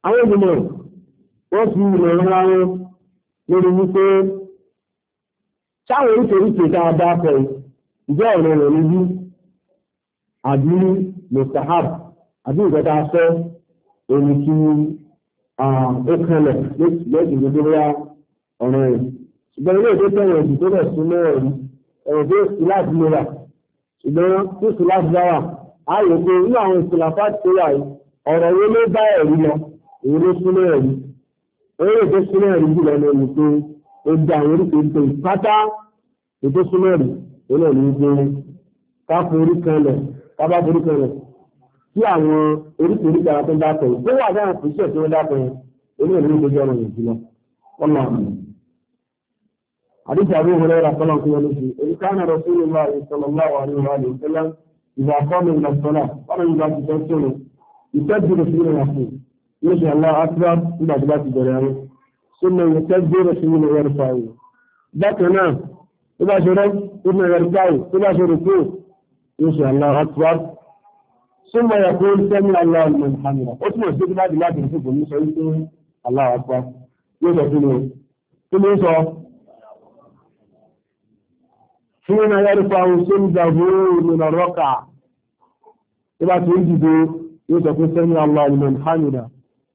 àwọn ìgbìmọ̀ wọ́n fi ilẹ̀ ńlá wọn lórí wípé sáwọn oríkèéríkèé tá a bá pẹ̀ ìjẹ́ ọ̀rọ̀ rẹ̀ níbí àbí mustahab àbí nǹkan tá a fẹ́ èmi kí ó kanlẹ̀ lẹ́sìn gbogbo bóyá ọ̀rọ̀ rẹ̀ ṣùgbọ́n ilé ìdó tẹ̀wọ̀n ìdí tó bẹ̀ sún mọ́ ẹ̀rí ẹ̀rọ tó sì láti lera ṣùgbọ́n tó sì láti dára a rò pé inú àwọn ìsìláfà tó wà yìí ọ̀rọ̀ wo ló bá ẹ̀rí lọ èyí ló sún mọ́ eré tó súnmọ́ ẹ̀rí jùlọ ní ẹni pé ó dá àwọn oríṣi ìpè pátá ètò súnmọ́ ẹ̀rí ó náà ní pé ká forí kanlẹ̀ ká bá forí kanlẹ̀ tí àwọn oríṣi oríṣi àwọn tó ń dákọ̀ yìí tó wà láwọn fìṣẹ̀ tó ń dákọ̀ yìí ó náà ní ìgbésẹ̀ ọ̀rọ̀ yìí jùlọ ọ̀nà àmì. àdìsí àbúrò rẹ̀ ràpọ̀lọ̀ kí wọ́n fi èyí ká náà rọ̀sí ìlú àyè sallallahu níbi Allahu akbar nígbà tó bá ti bẹ̀rẹ̀ ẹ̀rọ tó mọ ìwé tẹ́gbé rẹ̀ sí nínú ẹ̀rọ fàáyé bákan náà tó bá ṣe rẹ̀ tó mọ ẹ̀rọ fàáyé tó bá ṣe rùkú níbi Allahu akbar tó mọ ẹ̀kọ́ sẹ́mi Allahu liman hamidah ó túnmọ̀ sí láti láti rí fún mi sọ wípé Allahu akbar yóò sọ fún mi ń dàgbò nínú rọ́kà tó bá ti ń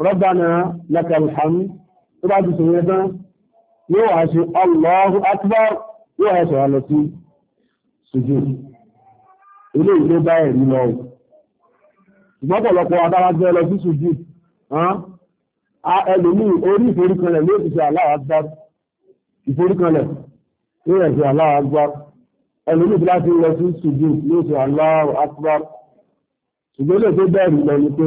ربنا لك الحمد رب سيدنا يوحشي الله أكبر يوحشي على سجود ilé ìlú bá ẹ̀rí lọ ìgbọ́pọ̀lọpọ̀ adárájẹ́ lọ sí ṣùjú ẹlòmí orí ìforíkanlẹ̀ ló ti ṣe Allahu Akbar ìforíkanlẹ̀ ló rẹ̀ ṣe Allahu Akbar ẹlòmí tí láti lọ sí ṣùjú ló ṣe Allahu Akbar ṣùgbọ́n lè tó bẹ́ẹ̀rí lọ ni pé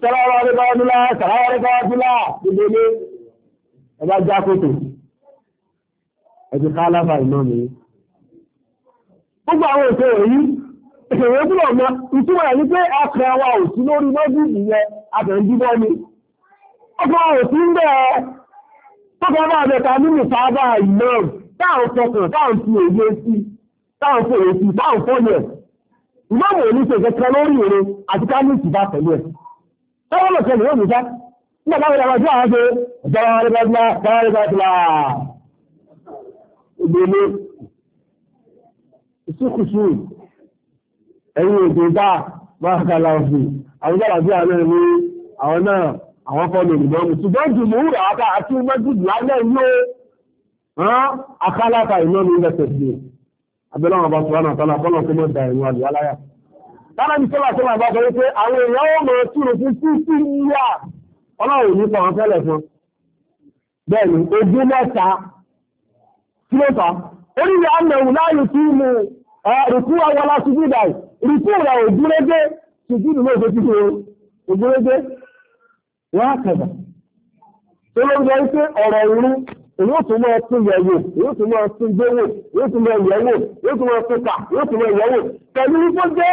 sọ́lọ́wọ́ ọdúnlá ọdúnlá sàràwọ́ ọdúnlá ọdúnlá gbogbo ilé ẹgbà já kòtò ẹ̀jẹ̀ ká aláfà ìmọ̀ mi. gbogbo àwọn ètò èyí ìṣòro gbúdọ̀ mọ ìtumọ̀ ẹ̀ ní pé ọkàn wa ò sí lórí mọ́jú ìyẹn àtẹ̀jíbọ́ ni ọkàn ò sí ń bẹ̀ ẹ́ tọ́kọ̀ bá bẹ̀ ta nínú sábà ìmọ̀ táwọn fọkàn táwọn fi èyí sí táwọn fòyè sí táwọn fọ́yẹ̀ ìmọ̀ mò ní ṣe kẹkẹ lórí òun àti ká ní ìtìbá pẹ̀lú ẹ̀ táwọn mọ̀ sẹ́lẹ̀ yóò mú sá nígbà táwọn ìlànà tí àwọn ṣe ìjọba àríkàtìlá ìjọba àríkàtìlá ìgbèlè ìsúkùsù ẹ̀yìn èdè bá bárakàlá òfin àwọn ìjọba àti àwọn ẹ̀mí àwọn náà àwọn fọ́nà ìgbọ́mù ṣùgbọ́n jù mú rà áká àti mẹ́jùdù alẹ́ ilé rán akálàkà ìnáwó ilẹ̀ tẹ̀sí abẹ́lẹ́ àwọn ọba sọ̀rọ̀ àtàlà fọ́nà tó mọ̀ dà ìwọ̀n àlùyálàyà Dára bí sọ́lá sọ́lá bá sọ́rí pé àwọn èèyàn ó mọ̀ túnú fún títí yíyá ọlọ́run nípa wọn fẹ́lẹ̀ fún. Bẹ́ẹ̀ni, ojú mẹ́ta kí ló fà? Orílẹ̀ àmẹ̀wò láàyè tí mo rìkú awọlá ṣubú dà rìkú rẹ̀ ògúnrégé ṣubú nínú òṣè tí mo ògúnrégé wọ́n á kẹ̀dà. Tó ló ń sọ wípé ọ̀rọ̀ ìrú yóò tún mọ ẹtún yẹ̀wò yóò tún mọ ẹtún gbéwò yóò tún mọ ẹ̀yẹ̀wò yóò tún mọ ẹtún kà yóò tún mọ ẹ̀yẹ̀wò pẹ̀lú wípé jẹ́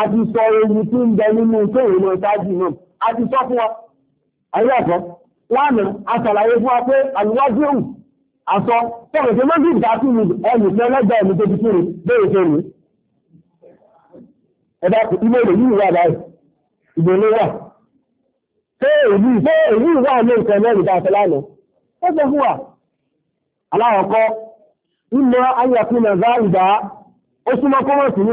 a ti sọ ewu tí ń bẹ nínú kéwòn náà náà a ti sọ fún wa ayé ẹ̀kọ́ lánàá a fún wa pé àsọ tó mọ́jú ìdásí ẹnì mi tó ti kúrò bẹ́ẹ̀ tó ní. ẹ̀dá yìí wà wà èyí èyí wà ní mẹ́rin tá a ṣe lánàá ó sọ fún wa aláwọ̀kọ́ ìmọ̀ ayọ̀kùnrin náà ìdá ó súnmọ́ kọ́mọ̀sì ní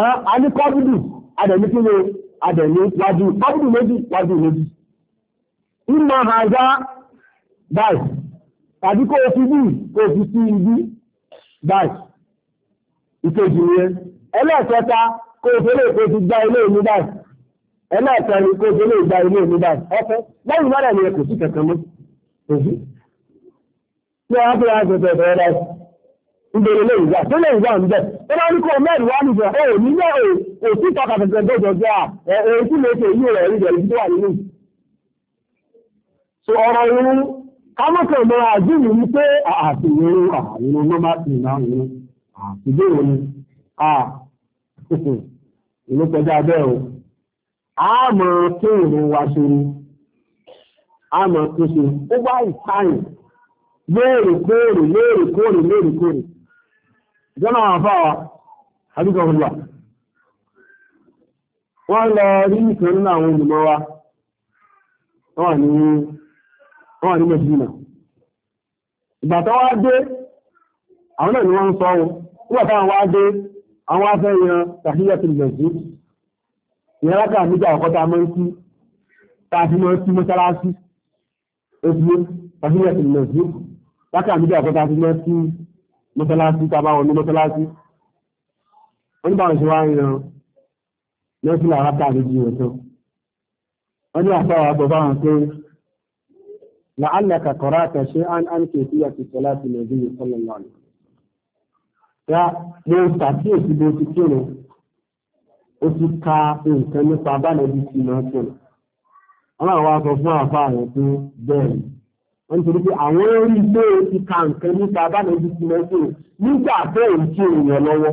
a ní kọ́bùdù adẹ̀mí kí ni adẹ̀mí wájú kọ́bùdù méjì wájú méjì ìmọ̀ àjá báyìí tàbí kó o fi bí kó o fi sí ibi báyìí ìkejì ni ẹlẹ́ẹ̀kẹta kó o fẹ́lẹ̀ kó o fi gba ilé mi báyìí ẹlẹ́ẹ̀kẹrin kó o fẹ́lẹ̀ gba ilé mi báyìí ọ̀fẹ́ lẹ́yìn mọ́rẹ̀ ni kò sí kankan mọ́ òfin tí wọ́n á fẹ́ ìbèrè lè ìgbà tó lè ìgbà ǹjẹ́ tó bá ní kó mẹ́rin wá nìjọ ó ní náà ò sí tọ́ka fẹ̀fẹ̀ dọ́jọ́ jẹ́ à èyí ṣe rẹ̀ wà nínú. so ọ̀rọ̀ ní pé àwọn a mọ̀ kí ìjọ́nà àfáà àdúgbòhùnlá wọ́n lọ rí nìkan nínú àwọn olùmọ́ wa wọ́n ní mẹ́sìnà ìgbàtọ́ wá dé àwọn náà ni wọ́n ń sọ wọn nígbàtọ́ àwọn wá dé àwọn afẹ́ ìran tàfíyàtì lẹ̀sí ìrẹ́lákà nígbà ọ̀kọ́ta mọ́ sí tàbí mọ́ sí mọ́sálásí ó fi tàfíyàtì lẹ̀sí lákà nígbà ọ̀kọ́ta fi mọ́ sí mọ́sálásí tàbá wọn ní mọ́sálásí wọ́n ní báwọn ṣe wá ń yan lọ́sí làwọn ká àlejò rẹ̀ tán wọ́n ní àfáwà àgbọ̀ báwọn pé la'allaka qara'ta shay'an an kayfiyati salati nabiyyi sallallahu alaihi ya mo ṣàkíyèsí bó ti kírun sí náà kírun wọ́n àwọn wọ́n ti rí pé àwọn orí ilé ti ka nǹkan nípa abánẹ́bí ti mẹ́sìn nígbà tó ń ṣe èèyàn lọ́wọ́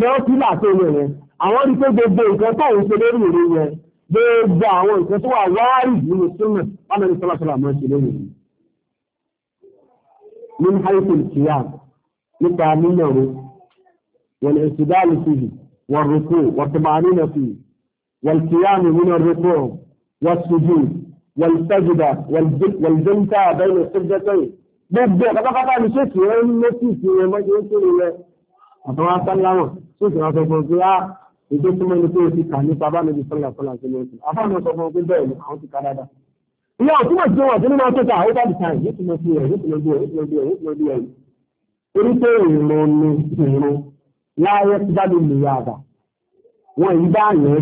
lọ́wọ́ tó yẹ yẹn àwọn rí pé gbogbo nǹkan tó ń ṣe lórí ìlú yẹn gbogbo àwọn nǹkan tó wà wáárì nínú súnmọ̀ bánẹ́bí sọ́làsọ́là máa ṣe lórí ìlú. ní haifin kìíyà nípa níyànjú wọn ìṣìdáàlì fìhì wọn rúkú wọn tọmọ àníyàn fìhì wọn kìíyà mi nínú rúkú wọn sùdùn wọ̀lùsẹ́gìdà wọ̀lùjẹ́ńtà àbẹ́yìn ìṣẹ́jẹ́tẹ́yìn gbogbo ọ̀pọ̀pọ̀pọ̀ ní ṣèkì rẹ̀ ń lókì sí rẹ̀ mọ́jú ó kéré rẹ̀ àtàwọn asáláwọ̀n ṣèkì rẹ̀ sọ̀rọ̀ pé á èdè tó mọ́ ní pé o ti kà nípa bá níbi sọ́là sọ́là sí ní oṣù àfáàmì sọ fún pé bẹ́ẹ̀ ni àwọn ti ká dáadáa. ilé ọ̀tún mọ̀ sí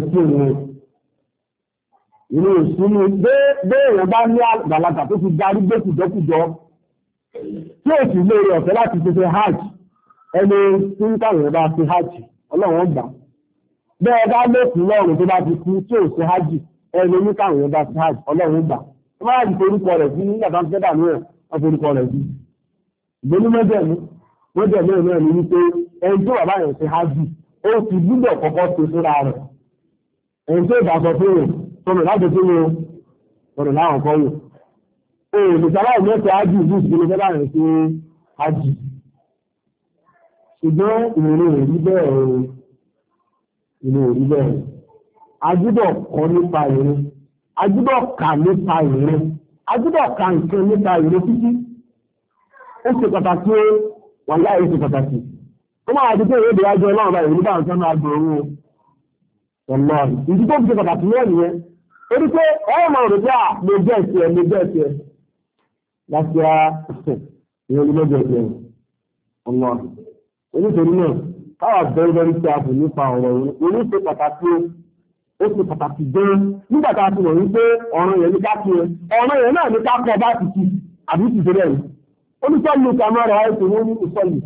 wọn ìlú òsínú béèyàn bá ní àgbàlagbà tó ti darí gbẹ́kùjọ́kùjọ́ tí ó sì lóore ọ̀fẹ́ láti fi ṣe hajj ẹni tí ń káwọn bá ṣe hajj ọlọ́run gbà bẹ́ẹ̀ lọ́rùn tó bá ti kú tí ṣe hajj hajj ọlọ́run gbà ti forúkọ rẹ̀ sí nígbà ẹ̀ forúkọ rẹ̀ sí. ìgbóni wípé ẹni tó bàbá yẹn ṣe sọ̀rọ̀ láti tó ní ọ̀rọ̀ láwọn kan wò. Oòrùn ìsàlá ìmẹ́ta ájì ìlú ìsinmi fẹ́ láàrin sí ájì. Ṣùgbọ́n ìrìn òrí bẹ́ẹ̀ o, ìrìn òrí bẹ́ẹ̀ o. Ajíbọ̀ kọ́ nípa ìrìn, ajíbọ̀ kà nípa ìrìn, ajíbọ̀ kà nǹkan nípa ìrìn títí. Ó ṣe pàtàkì o, wà láì ṣe pàtàkì. Ó máa di pé ìwé ìdíwájú ọlọ́run báyìí nígbà tó máa gbòòrò o. Ọ̀nà ìdí tó fi ṣe pàtàkì náà nìyẹn torí pé ọmọ òrùka lè jẹ́ ìṣẹ́ lè jẹ́ ìṣẹ́ láti ra ìrìn olùgbẹ́jọ ìṣẹ́ ọmọ onítorí náà káwà bẹ́ẹ̀ bẹ́ẹ̀ ṣe àbò nípa ọ̀rọ̀ ìrìn ṣe pàtàkì ó ṣe pàtàkì gan nígbà tá a ti wọ̀ wípé ọ̀ràn yẹn ní ká kí ẹ ọ̀ràn yẹn náà ní ká kọ bá ti ti àbí ti dé lẹ́yìn olùsọ́lù kàmọ́ra ẹ̀sìn wọn ní ìsọ́lù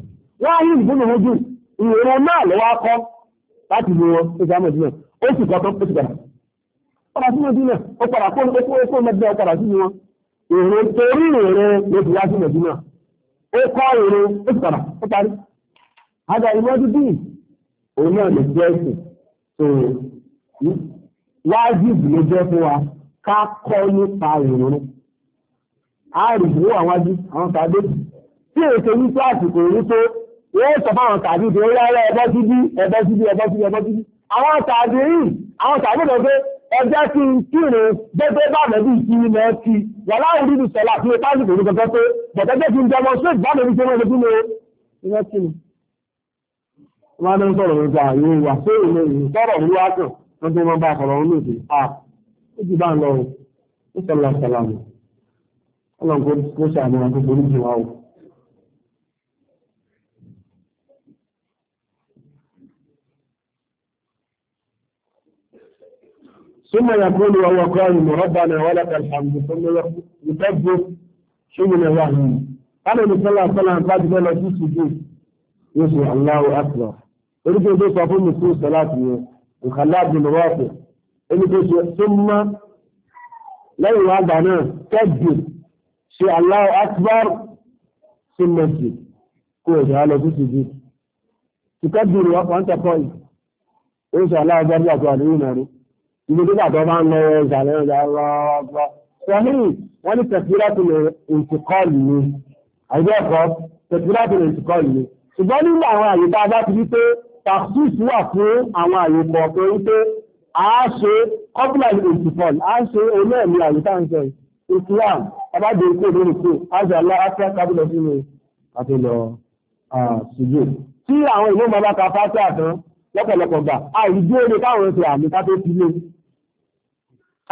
wọ́n á rí ìbúnú ojú ìrìn náà lọ́wọ́ akọ́ láti lu wọn ó sì kọ́ tó ó padà sí Mẹ́dínà ó padà kó ó kó mẹ́dínà ó padà sí wọn èrè torí èrè ló ti wá sí Mẹ́dínà ó kọ́ èrè ó ti padà ó parí àgbà ìmọ́jú bíi òun náà lè jẹ́ ẹ̀sìn tó wájìbì ló jẹ́ fún wa ká kọ́ nípa ìrònú àrùbó àwọn ajú àwọn tàbí tí èso ní kíláàsì kò rí tó wọ́n sọ fáwọn tàbí tó yára ẹbọ́ síbí ẹbọ́ síbí ẹbọ́ síbí ẹbọ́ síbí àwọn tàbí yìí àwọn tàbí lọ pé ẹjẹ́ tí ń kírun gbẹ́gbẹ́ bá mẹ́bí ìkíni mọ́ ti wà láwọn orí ìlú sọ̀lá àti ìpá ìgbòho gẹ́gẹ́ pé bọ̀tẹ́jẹ́ ti ń jẹmọ sí ìgbà mẹ́bí tí wọ́n lè fún mi ìwọ́n kí ni. wọ́n á ní sọ̀rọ̀ nípa àyè wà sí ìlú ìsọ̀rọ̀ ní wákàn wọ́n ti wọ́n bá sọ̀rọ̀ ní òsì à ó ti bá ń lọ ó sọ̀rọ̀ sọ̀rọ̀ ثم يقول وهو قائم ربنا ولك الحمد ثم يكبر شيء وهمي قال النبي صلى الله عليه وسلم قد قال في سجود يسوع الله اكبر ارجع بيت اقول في صلاه الخلاب بن رافع ثم لا يوضع ناس كبر شيء الله اكبر ثم اسجد كويس على في سجود تكبر وانت قائم ان شاء الله جرجع قال ايه ibi tó bàtọ́ bá ń lọ ìsàlẹ̀ ìjà lọ́ọ̀pọ̀ sọ́hìn wọ́n ní tẹ̀síláàtì lè ìtìkọ́ọ̀lù ni àìjẹ́ ẹ̀kọ́ tẹ̀síláàtì lè ìtìkọ́ọ̀lù ni ṣùgbọ́n nínú àwọn àyè tá a bá ti rí pé taxis wà fún àwọn àyè kọ̀ọ̀kan wípé a ṣe kọ́pùlà ìtìkọ́ọ̀lù a ṣe olóòmì àyè tá à ń sọ Islam abájọ ikú lórí ikú a ṣe aláàfíà kábílẹ̀ sínú àtẹlọ ṣùgbọ́ tí àwọn ìlú bàbá ka fásitì àtàn lọ́pọ̀lọpọ̀ gbà àìjó èrè káwọn ti àmì ká tó ti lé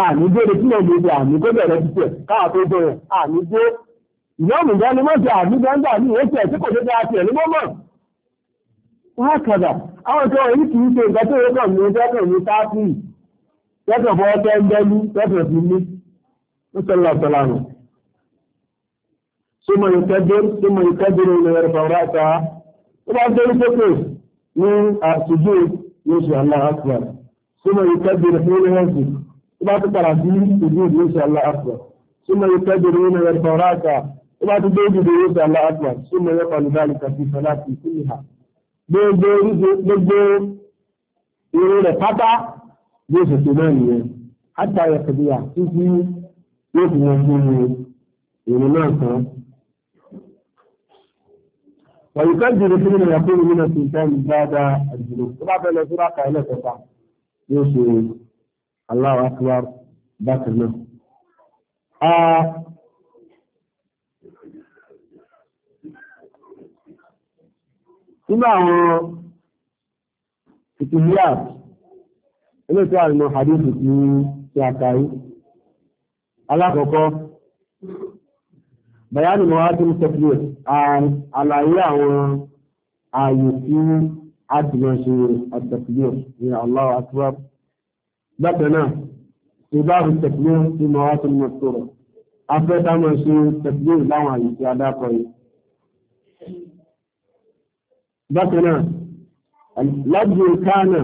àmì bẹ̀rẹ̀ sílẹ̀ lóde àmì tó bẹ̀rẹ̀ ti tẹ̀ káà tó bẹ̀rẹ̀ àmì dé ìyọ́mù gan ni wọ́n ti àmì gbangba ní oṣù ẹ̀ tí kò dédé àti ẹ̀ ní gbọ́mọ̀ wọ́n kàdà àwọn tó èyí kì í ṣe nǹkan tó yẹ kàn ní tẹ́tọ̀ ní táàkì tẹ́tọ̀ fọ́ tẹ́ńdẹ́lú tẹ́tọ̀ fi ní ń sọlá sọlá nù. súnmọ́ ìkẹ́dé súnmọ́ ìkẹ́dé ní ilẹ̀ ẹ̀rọ fọwọ́rọ́ àti àá ó bá ń dérí sókè ní àṣùjú ní oṣù aláàkúrà súnmọ́ ìkẹ́dé ní ilẹ̀ ẹ̀rọ bá ti padà sí ìdí ìdí oṣù aláàfọ̀ súnmọ́ yóò tẹ́jú ní ìlú ẹ̀kọ́ ráàkà tó bá ti dé ìdí oṣù aláàfọ̀ súnmọ́ yóò kọ́ nígbà nìkan sí ìfẹ́ láti ìpínlẹ̀ ha gbogbo gbogbo irun rẹ̀ pátá bí oṣù tó náà nìyẹn àtà ẹ̀kọ́díyà títí yóò fi wọn fún mi ìrìn náà kan. wàyí ká jèrè fún mi nìyà fún mi nínú ìtàn ìgbà dáa àjùlọ tó bá fẹ́ lọ sí ráàkà ẹlẹ́kẹta yóò ṣe Allahu Akbar bákan náà. Nínú àwọn ìpìlíà eléètò àrìnà àdéhùn tí ti àkàrí. Alákọ̀ọ́kọ́, Bayani Mohamed Sefir, àlàyé àwọn ààyè tí a ti lọ ṣe àtàkìlẹ̀ ní Allahu Akbar bákan náà ìbáàrù tẹ̀kílé ní màá tó mọ̀ sọ̀rọ̀ afẹ́ ká máa ṣe tẹ̀kílé láwọn àyè tí a dákọ̀ yìí. bákan náà lábìyẹ káànà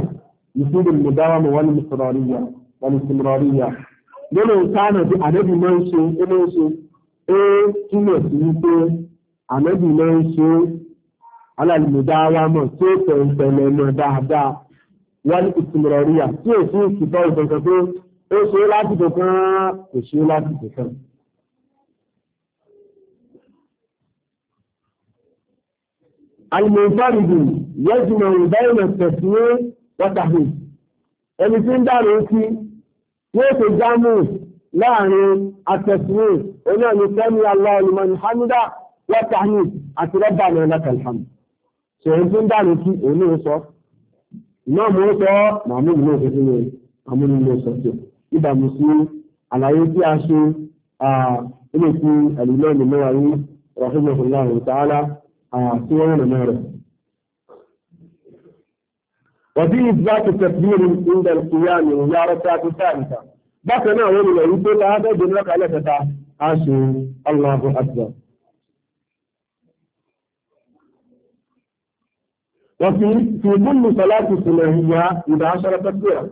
ìfúdùn mùdáwàmù wọn ní sọ̀rọ̀ríyà wọn ní sọ̀rọ̀ríyà lónà káànà bí àdébì máa ń ṣe ó máa wọ́n ní ìtumọ̀rọ̀ rí à tí ò sí ìkìtọ́ ìtọ̀tọ̀ pé ó ṣe é lásìkò kan kò ṣe é lásìkò kan. Àlùmọ̀ntàrìdì yẹ́jùmọ̀ ìbáyìnà tẹ̀síwé wọ́tàhì. Ẹni tí ń dàrú sí yóò ṣe jámù láàrin àtẹ̀síwé onáàni sẹ́mi Allah olùmọ̀ni Hamida wọ́tàhì àti rọ́bà náà lákàlhàmù. Ṣèyí tí ń dàrú sí òun ní náà mo ń sọ màmú ìlú ọ̀sẹ̀ sí wọn àmú ìlú ọ̀sẹ̀ sí ìbámu sí àlàyé tí a ṣe ilé tí àlùmọ́ ìlú mẹ́wàá rí rahimahullah ta'ala tí wọ́n rìn mẹ́rẹ̀. Wàbí ìgbàtí tẹ̀síìrì ìgbà ìyáàmì yára tí a ti sáàrìta. Bákan náà wọ́n rìn lọ wípé ta wọ́n fi fi búlù sọ́láàtì sílẹ̀ ìyá ìdá aṣọ́ra tẹ́tìrà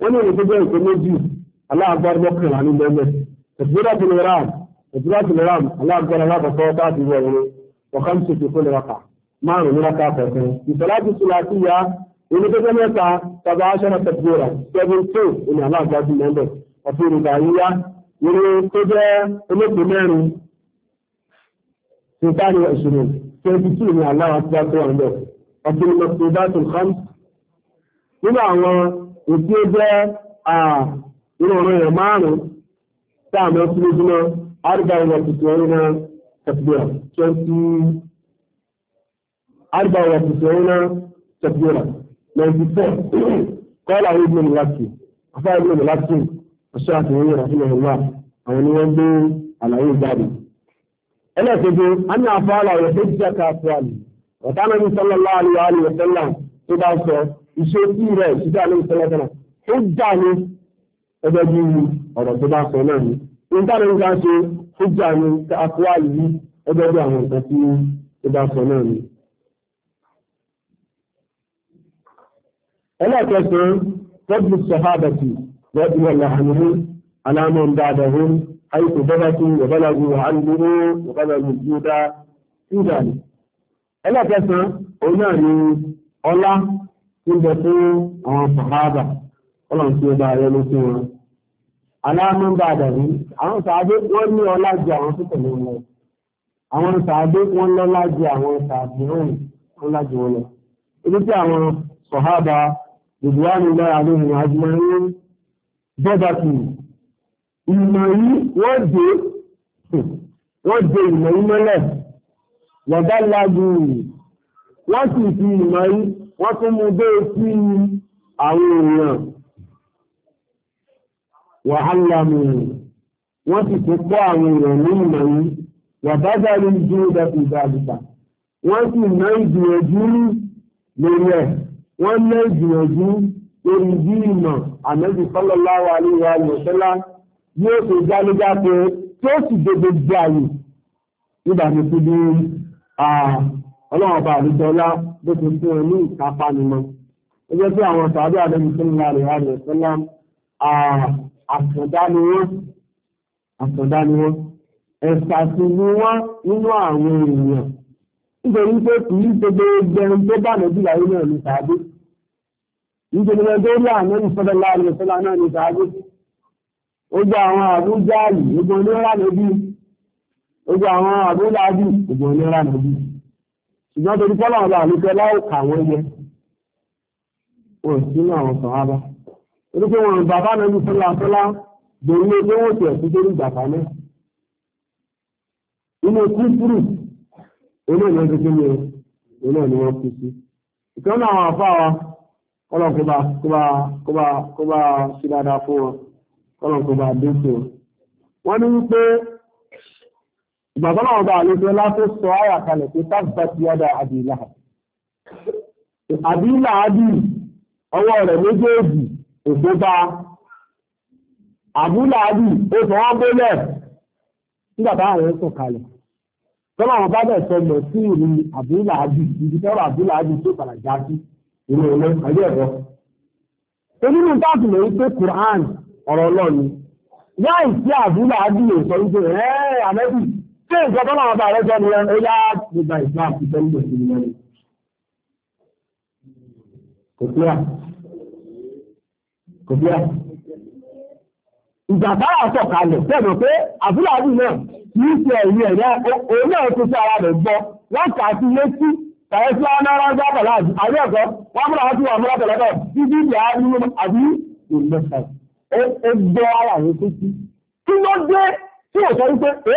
wọ́n ní ìrètí ìpè méjì aláàgbára mọ́kànlá ní lẹ́gbẹ́ tẹ̀síwọ́dà tó lè ràn tẹ̀síwọ́dà tó lè ràn aláàgbára aláàkọ́kọ́ káàtì wọ̀ ẹ̀rọ ọ̀kan tó ti fún ìrọ̀kà márùn ní rákà kọ̀ọ̀kan ìsọ̀láàtì sílẹ̀ àti ìyá onídẹ́gbẹ́ mẹ́ta tàbá aṣọ́ra tẹ̀síwọ́dà seven two ní aláàgbára mẹ́lẹ̀ ọ̀fìn ìgbà yíyá ìrè tó jẹ́ olóògbé mẹ́rin twenty two ní aláàgbára tó wà ń bẹ̀rẹ̀ ọdún mọ̀sílẹ̀bátù khams nínú àwọn òtí ó jẹ́ ìrọ̀rùn rẹ̀ márùn-ún sáàmù ọtí lójúmọ́ àríbá ìwà tuntun ẹ̀rọ náà tẹ̀síwìrà twenty àríbá ìwà tuntun ẹ̀rọ náà tẹ̀síwìrà ninety four kọ́lá ìlú mìlátì afá ìlú mìlátì ọ̀ṣọ́ àtìwọ́n yẹn àti ìwà ni wọ́n gbé àlàyé jáde ẹlẹ́ẹ̀kejì a ní àfọ́ àlàyé tó jíjà káàkiri ọ̀tánà ní sọ́lọ́lá àlùyà àlùyà sọ́lá tó bá sọ iṣẹ́ tí rẹ̀ ìṣẹ́ àlùyà sọ́lá sọ́lá ó jà ní ẹgbẹ́ bí ọ̀rọ̀ tó bá sọ náà ni ìtànà ní káṣe ó jà ní sọ حيث وبلغوا عنه وبلغوا الجودة في ذلك ẹlẹ́kẹsàn òun náà ni ọlá tí ń bẹ fún àwọn sàhábà ọlọ́run tí ó bá rẹ ló fún wọn aláàmúbà dàbí àwọn sàádé wọ́n ní ọlá ju àwọn tó tẹ̀lé wọn lọ àwọn sàádé wọ́n lọ́lá ju àwọn sàádé wọn wọ́n lájú wọn lọ ibi tí àwọn sàhábà ìdíwánu lọ́ra lóhùn àjùmọ̀rí bọ́dà tù ìmọ̀ yìí wọ́n dé wọ́n dé ìmọ̀ yìí mọ́lẹ̀ wọ̀dá lágbù wọ́n sì fi ìmọ̀ yí wọ́n tún mú dé sí àwọn èèyàn wàhálà mú wọ́n sì tún kọ́ àwọn èèyàn ní ìmọ̀ yí wọ̀dá dárí ju ìdàpọ̀ ìdàgbà wọ́n sì ná ìgbìyànjú lórí ẹ̀ wọ́n ná ìgbìyànjú lórí bí ìmọ̀ àmẹ́bí sallallahu alaihi wa sallam yóò tó jálégbá pé tí sì gbogbo gbé àyè nígbà tó ti ọlọ́wọ̀n bá àríjọlá bó ti fún ẹni ìkápá ni mọ́. ó jẹ́ pé àwọn tàbí àdẹ́bí tó ń la rẹ̀ rẹ̀ sọ́lá àtọ̀dá ni wọ́n àtọ̀dá ni wọ́n ẹ̀sà sí ni wọ́n nínú àwọn èèyàn nítorí pé kì í ṣe gbogbo ẹni tó bá lójú láyé náà ní tàbí nítorí wọn tó rí àná ìfọ́dọ̀ láàrin ìfọ́lá náà ní tàbí ó gba àwọn àbújá yìí gbogbo oníwàlódì ojú àwọn àbúláàbí ògbò ìlera nàbí ṣùgbọ́n torí pọ́lọ̀ ọba àlúkẹ́ láìka àwọn ẹyẹ òsínú àwọn sọ̀hábá torí pé wọn bàbá nàbí sọ́lá sọ́lá dòrí lé pé wọ́n ti ẹ̀sùn tó ní ìgbàfà náà inú kúkúrú inú ìlú ẹgbẹ́ kéde inú ìlú wọn sí àwọn àfá wa kọ́lọ̀ kó bá kó fún wọn kọ́lọ̀ dé sí wọn wọ́n ní wípé ìgbàgbọ́n àwọn ọba àlejò ńlá tó sọ àyà kalẹ̀ pé tábà ti ọwọ́ rẹ̀ méjèèjì òfó bá àbúlà ábì ó sọ gbélẹ̀ nígbà táwọn sọ kalẹ̀ tọ́lá bá bẹ̀ sọ sí àbúlà ibi àbúlà tó já sí tí nǹkan tó náà bá rẹ́jọ́ ni ó yá gbogbo ìgbà ìfẹ́ ń gbèsè ní ẹni. Kò sí à. Kò sí à. Ìjà tára sọ̀ kalẹ̀ tẹ̀mọ̀ pé àfúlàní náà kì í ṣe ẹ̀rí ẹ̀rẹ́ òun náà tó sí ara rẹ̀ gbọ́ wọ́n kà á sí létí tàyẹ̀ sí anára ń gbàgbọ́ láàbí àbí ẹ̀kọ́ wọ́n múra wọn tí wọ́n múra tẹ̀lẹ́tọ̀ títí ìyá nínú àbí ìlú mẹ́ta. Ó gbọ́ ara rẹ̀ sétí. Kí ló dé tí ò sọ wípé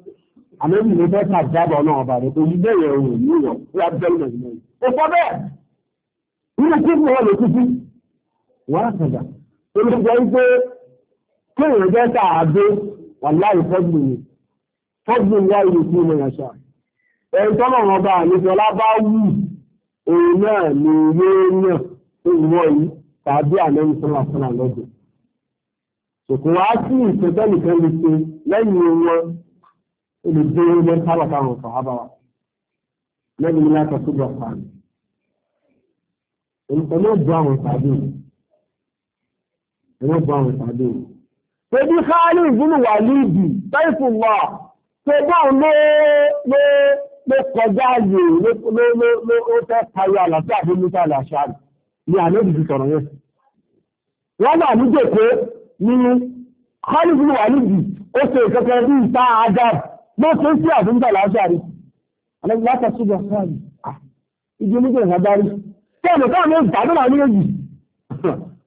àmọ́ èmi ló fẹ́ tàbí dábọ̀ náà ọba rẹ̀ kò yí bẹ́ẹ̀ yẹn òun ní ìwọ̀ ó yà bẹ́ẹ̀ lọ ìmọ̀ yìí. ó sọ bẹ́ẹ̀ nínú kúkú wọn lè kúkú wọn àtàgbà ó ló sọ wípé kéèyàn fẹ́ tààdé wà láì fọ́gbù mi fọ́gbù mi wáyé kú mo yàn sọ. ẹ̀yìn tọ́nà ọba àlejòlá bá wù òun náà lè yé náà tó ìwọ yìí tàbí àlẹ́yìn fúnra fúnra lọ́dọ̀. òkú wa sí ìṣẹ́gbẹ́ nìkan lè ṣe lẹ́yìn wọn olùgbé ilé sábà táwọn sọ̀hábà wa lẹ́nu ní láti ọ̀túnbọ̀ pàánù. Olùkọ́ náà bọ́ àwọn ìpàdé ẹ̀rọ bọ́ àwọn ìpàdé o. Ebi Khalid ìbúlù wà níbi Taifu wà tó báwọn ló ló ló kọjá ààyè ló ló ló ló ó fẹ́ parí àlàáfíà fún Musa Alashari ni àlejò sọ̀rọ̀ yẹn. Wọ́n wà ní Jèkó ní Khalid ìbúlù wà ó ṣe ìkẹ́kẹ́ bí ìta Adam bó ṣe ń sí àdúgbò àlàáfíà rí àlejò láti ṣubọ sáàyè ìdí onígbò ìhàn bá rí tẹ́lẹ̀ káà ní ìgbàdùn àwọn méjì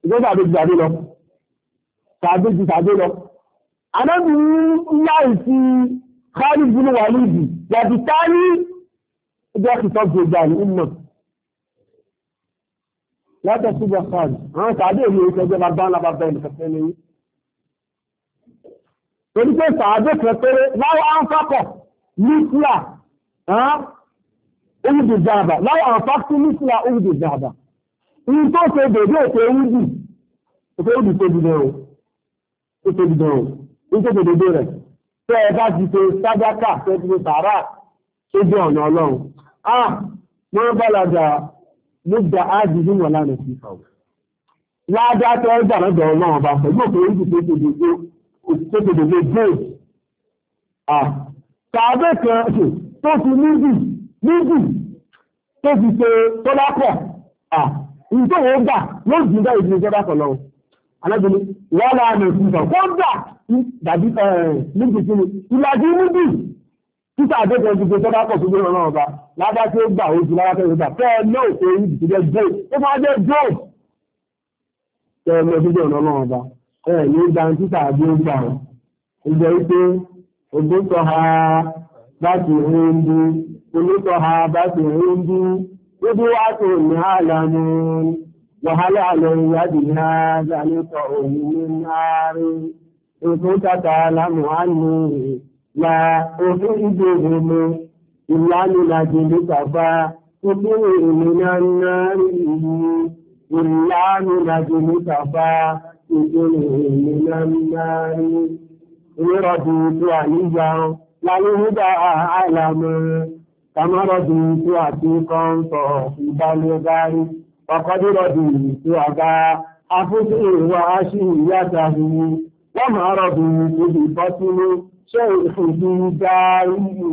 ìjọba àdójú àdó lọ tàdójú tàdó lọ àdójú ńlá ìfi káàlì bínú wà níbi yàtì táyé ìjọ kìtọ́ gbogbo àlè ńlọ láti ṣubọ sáàyè àwọn tàdé èmi ìṣẹ́jọba bá ńlá bá bẹ́ẹ̀ nìkan torí pé sàádé kan péré láwọn àǹfàkọ̀ nísìlà oúnjẹ dáadáa láwọn àǹfàkọ̀ nísìlà oúnjẹ dáadáa ní tó ṣe bèbè òkè oúnjẹ òkè oúnjẹ tó dìde o tó ṣe dìde o ní tó ṣe bèbè rẹ̀ tẹ́ ẹ bá ti ṣe sádákà tẹ́ ti ṣe sàárà tó jẹ́ ọ̀nà ọlọ́run ah wọ́n bàlágà ló gba áàdìdì wọn lánàá sí ìfàwọ̀ ládàá tẹ́ ẹ gbà lọ́dọ̀ ọlọ́run ọba pẹ̀lú òkè oúnjẹ tó ṣe dìde òtítọ́gbèdègbè gold àtàbẹ́ kan tó fi níbi níbi tó fi ṣe tọ́lápọ̀ ìjọ wo gbà ló jù bá ìdílé ìjọba kan lọ alágbèlé wọ́n láà nà ìfúnfà wọ́n gbà dàbí níbi tí ni ìlàjì níbi títà àdéjọ ìdíje tọ́lá pọ̀ tó gbéra náà ọba lábá tí ó gbà ojú lábá tó gbà fẹ́ẹ́ náà tó ń dìde gold ó máa jẹ́ gold tẹ̀lé ìdíje ọ̀nà náà ẹ̀ ní gbàǹtítà bí ó gbà wọn. Ìjọ wípé ha bá ti rí ń bí, olótọ̀ ha bá rí ń bí, gbogbo wa tó ní àlàmú wàhálà àlọ́ ìyáàdì náà òun ní lámù la òfin náà rí ìpínlẹ̀ ìmìnà mẹ́rin ìrọ̀dù tó àníjà lálẹ́húdà àìlàmọ́ kàmọ́rọ̀dù tó àti kọ́ńtọ̀ ìbálẹ́gárí ọkọ̀dúrọ̀dù tó àga afúnṣe ìwà aṣí ìyáta ìwú wọ́n máa rọ̀dù tó bí bọ́sínú ṣé ìfòjú dárí ìwú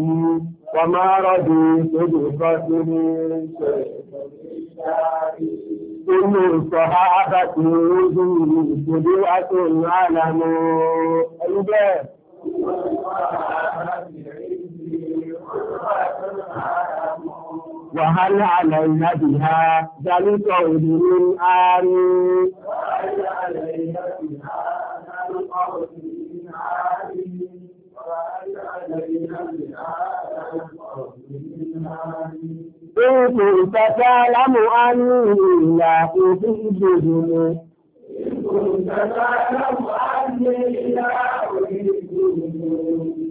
wọ́n máa rọ̀dù tó bí bọ́sínú ṣe ìfòjú dárí ìwú inú ìsọ̀há àbàtì ojú ìgbòdó àti ìlú àlàmù ẹgbẹ́. Wàhálà àlọ́ ìyájì ha, Jalúkọ̀ òdì ní àárí. Wàhálà àlọ́ ìyájì ha, Jalúkọ̀ òdì ní àárí. Wàhálà àlọ́ ìyájì ha, Jalúkọ̀ òdì ní àárí. إن تتعلم أني لا أفيد منه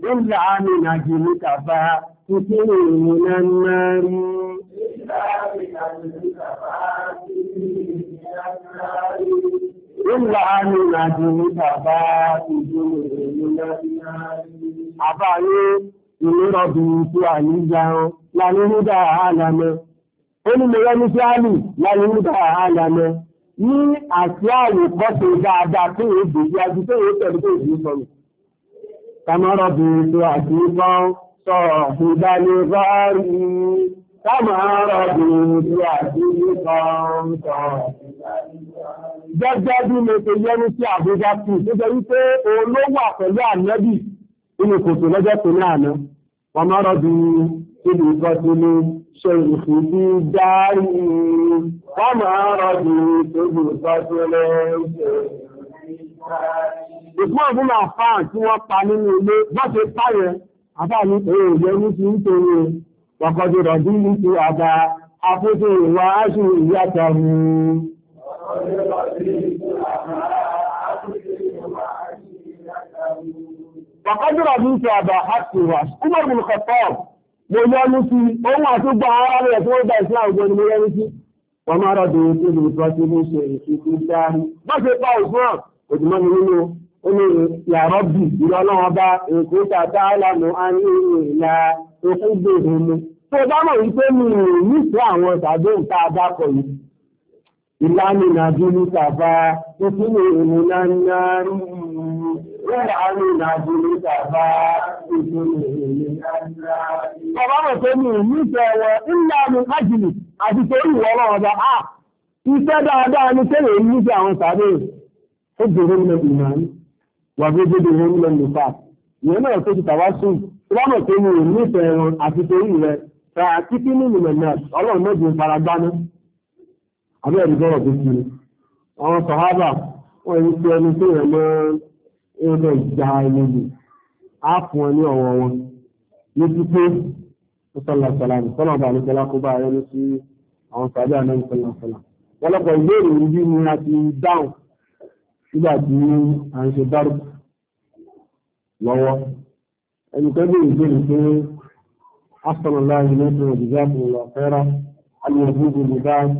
إلا من أجلك فاكتني من النار إلا من أجلك فاكتني من النار أبعيد ìlera bìí tí a ní jarun lálẹ́rúdà àlàmẹ́ ó ní mẹ́rẹ́ ní sáàlì lálẹ́rúdà àlàmẹ́ ní àti ààyè pọ́sì dáadáa tó yóò bèèrè àti tó yóò tẹ̀lé tó yóò sọ̀rọ̀ kàmọ́rọ̀ bìí tó àti kan sọ̀rọ̀ ìdálẹ́ bá kàmọ́rọ̀ bìí tó àti kan sọ̀rọ̀ gẹ́gẹ́ bí mo ṣe yẹ́nu sí àbújá kù tó jẹ́ wípé òun ló wà inú kòtò lọ́jọ́ tó ní àná wọ́n máa rọ́bí ìlú ìkọ́tí ní ṣe ìfì bí dárí wọ́n máa rọ́bí ìlú ìkọ́tí ní ṣe ìfún ọ̀bùn àfáà tí wọ́n pa nínú ilé bọ́ ti páyẹ àfáà ní èèyàn ní ti ń tèrè wọ́kọ̀dé rọ̀bí ní ti àgbà afẹ́fẹ́ ìwà áṣù ìyàtọ̀ mú Fàkọ́jọ́rọ̀ bí ìfẹ́ àbà àtìwà, Umar bin Khattab, mo yọ́nú sí ohun àtúgbà ara rẹ̀ tí wọ́n gba ìsìlá ògbó ni mo yọ́nú sí. Wọ́n máa rọ̀ dòun tí olùkọ́ tó ti ní ṣe ìfikún dáhùn. Bá ṣe pa òfúràn, òjìmọ́ mi nínú omi yàrá bì ìrọ̀ náà bá èkó tàbí àlànà ayé ìlà òkú gbèrè mu. Tó o bá mọ̀ wípé mi ò nífẹ̀ẹ́ àwọn tàbí òǹtà àdákọ̀ yìí. ìlànà ìnàbí ní tàbá ìpínlẹ̀ ìrìnà na rẹ̀hánà ìnàbí ní tàbá ìpínlẹ̀ ìrìnà náàrí. Ọba mọ̀ tó ní ìmúṣẹ ẹ̀wọ̀ ìlànà ájìlì àti tó ìwọ̀ dáadáa ní àwọn sàbẹ̀ ó wà bí Ìyẹn náà tó ti sùn. Ọba mọ̀ tó ní àti tó àbí ẹ̀rí bọ́rọ̀ tó kí ni àwọn sàhábà wọ́n ẹni tí ẹni tó yẹ mọ́ ẹgbẹ́ ìjà ẹni lè á fún ẹ ní ọ̀wọ́ wọn ní pípé sọ́làsọ́là ní sọ́là bá ní sọ́là kó bá ayọ́ ní sí àwọn sàhábà náà ní sọ́làsọ́là wọ́n lọ́pọ̀ ìbéèrè ìdí ni a ti dáhùn nígbà tí a ń ṣe dárò lọ́wọ́ ẹni tó lè ìbéèrè pé asọ̀rọ̀ láàrin mẹ́tò ìdíjáàbò lọ́fẹ́ràn alùpùpù nìdáàbò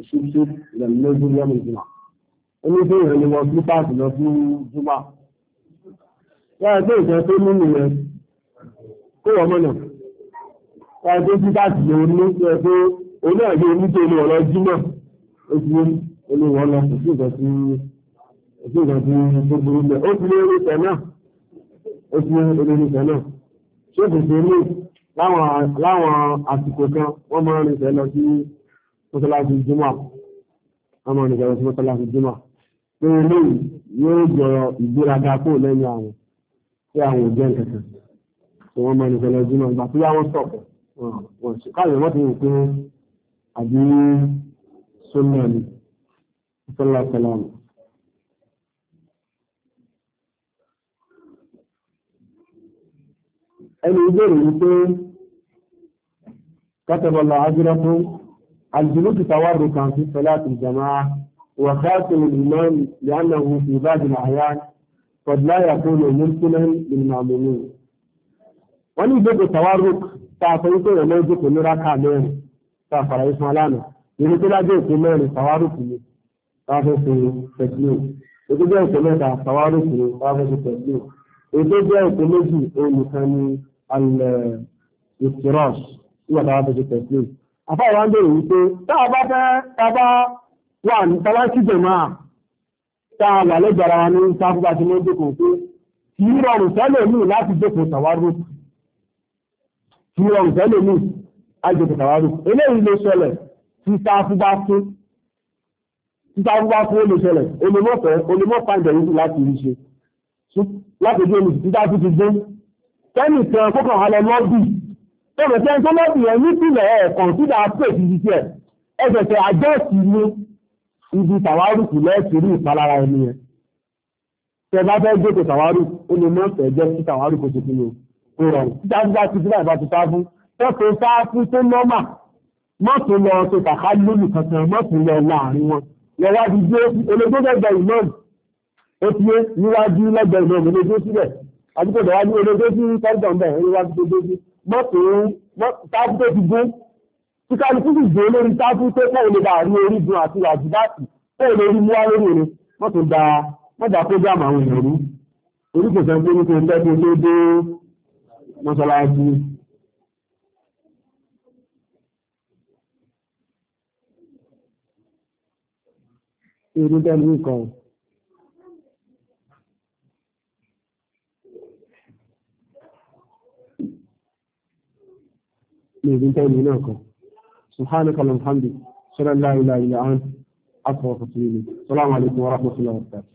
ìṣíṣí ìlànà lójú lọ́mọ ìjùmọ̀ ó ní fún ìrìn lọ sí jùmọ̀ wọ́n ìjọ tó mú mi kó wọ́n mọ̀nà wọ́n ẹgbẹ́ sípáàsì lọ ní ṣe pé oní ẹ̀gbẹ́ oníṣẹ́ olú ọ̀rọ̀ jùmọ̀ ó ti lọ sí ìjọ tí ó burú bẹ̀ ó ti ní oríṣẹ́ náà ó ti ní oríṣẹ́ náà ṣé kò sí ní láwọn àsìkò kan wọ́n máa ń rìn mọ́sálásí jùmọ̀ ọmọ ìjọba sí mọ́sálásí jùmọ̀ pé eléyìí yóò jọrọ ìgbéraga kó lẹ́yìn àwọn tí àwọn òjẹ́ nǹkan tí wọ́n mọ ìjọba jùmọ̀ ìgbà tí wọ́n sọ̀kọ̀ wọ́n sì káyọ̀ wọ́n ti rò pé àbí sọ́nà ni mọ́sálásí ẹni ìbéèrè wípé kátàbọ̀lá ajúra الجلوس توركا في صلاة الجماعة وخاتم الإمام لأنه في بعض الأحيان قد لا يكون ممكنا للمأمومين wọ́n ní ìjókòó tawaruk tá a fọyín tó yẹ mọ́ ìjókòó ní raka mẹ́rin tá a fara ìfún aláàmì ìlú tó lájẹ́ ìpín mẹ́rin tawaruk ni tá a fẹ́ fi tẹ̀síò ètò jẹ́ ìpín mẹ́ta tawaruk ni tá a fi tẹ̀síò ètò jẹ́ ìpín méjì olùkan ní alẹ́ ìtìrọ́ọ̀ṣì nígbà tá fi tẹ̀síò àfá ìwà ń bèèrè wípé táà bá fẹ́ tábá wà ní tàbáṣìjẹ̀ máa táà wà lẹ́gbàra wa ní sáfúgbà tí wọ́n jókòó pé kì í rọrùn sẹ́lẹ̀ mí láti jókòó tàwárò kì í rọrùn sẹ́lẹ̀ mí àjòkò tàwárò eléyìí ló ṣẹlẹ̀ tí sáfúgbà fún tí sáfúgbà fún ó lè ṣẹlẹ̀ olùmọ̀fẹ́ olùmọ̀fàǹdẹ̀ yìí láti rí ṣe láti dé olùsìtítà tó ti dé tẹ́nì kan kókàn halẹ̀ lọ́bì olùsẹ́ tó lọ́bì ẹ̀ nípìnlẹ̀ ẹ̀kàn sídà pè sí ibi tiẹ̀ ẹ̀sẹ̀sẹ̀ àjọ́sì ní ibi tàwárùkù lẹ́ẹ̀kiri ìpalára ẹni yẹn tẹ bá fẹ́ jókòó tàwárùkù ó lè mọ́ ọ̀sẹ̀ jẹ́ sí tàwárùkù tó fi lò ó rọrùn títà títà títí láì bá ti sáfú tó fi sáfú tó nọ́mà mọ́tò lọ tó kàkà lónìí kankan mọ́tò lọ láàrin wọn lọ́wọ́dì dé ológbógbẹ̀gbẹ̀ imam ó ti yé níwájú lẹ́gbẹ̀ẹ́ imam ológbó síbẹ̀ àdúgbò tábú tó ti gún tí kálukú sì gbé lórí tábú tó kọ́ olè bá rí orígun àti àjíbáàtì tó olè rí mú wá lórí rẹ̀ mọ́tò da mọ́tò àkójá àwọn èèyàn rú orí kò sọ pé nípa ẹgbẹ́ tó lé dé mọ́sálásí irú tẹ́lú nǹkan níbi tẹ́lẹ̀ náà kan subhanaka alhamdulilayi sọ́dọ̀ láìláìlá àwọn afọ̀ ọ̀fọ̀ sílẹ̀ salamu alaykum wa rahmatullahi wa barakatuh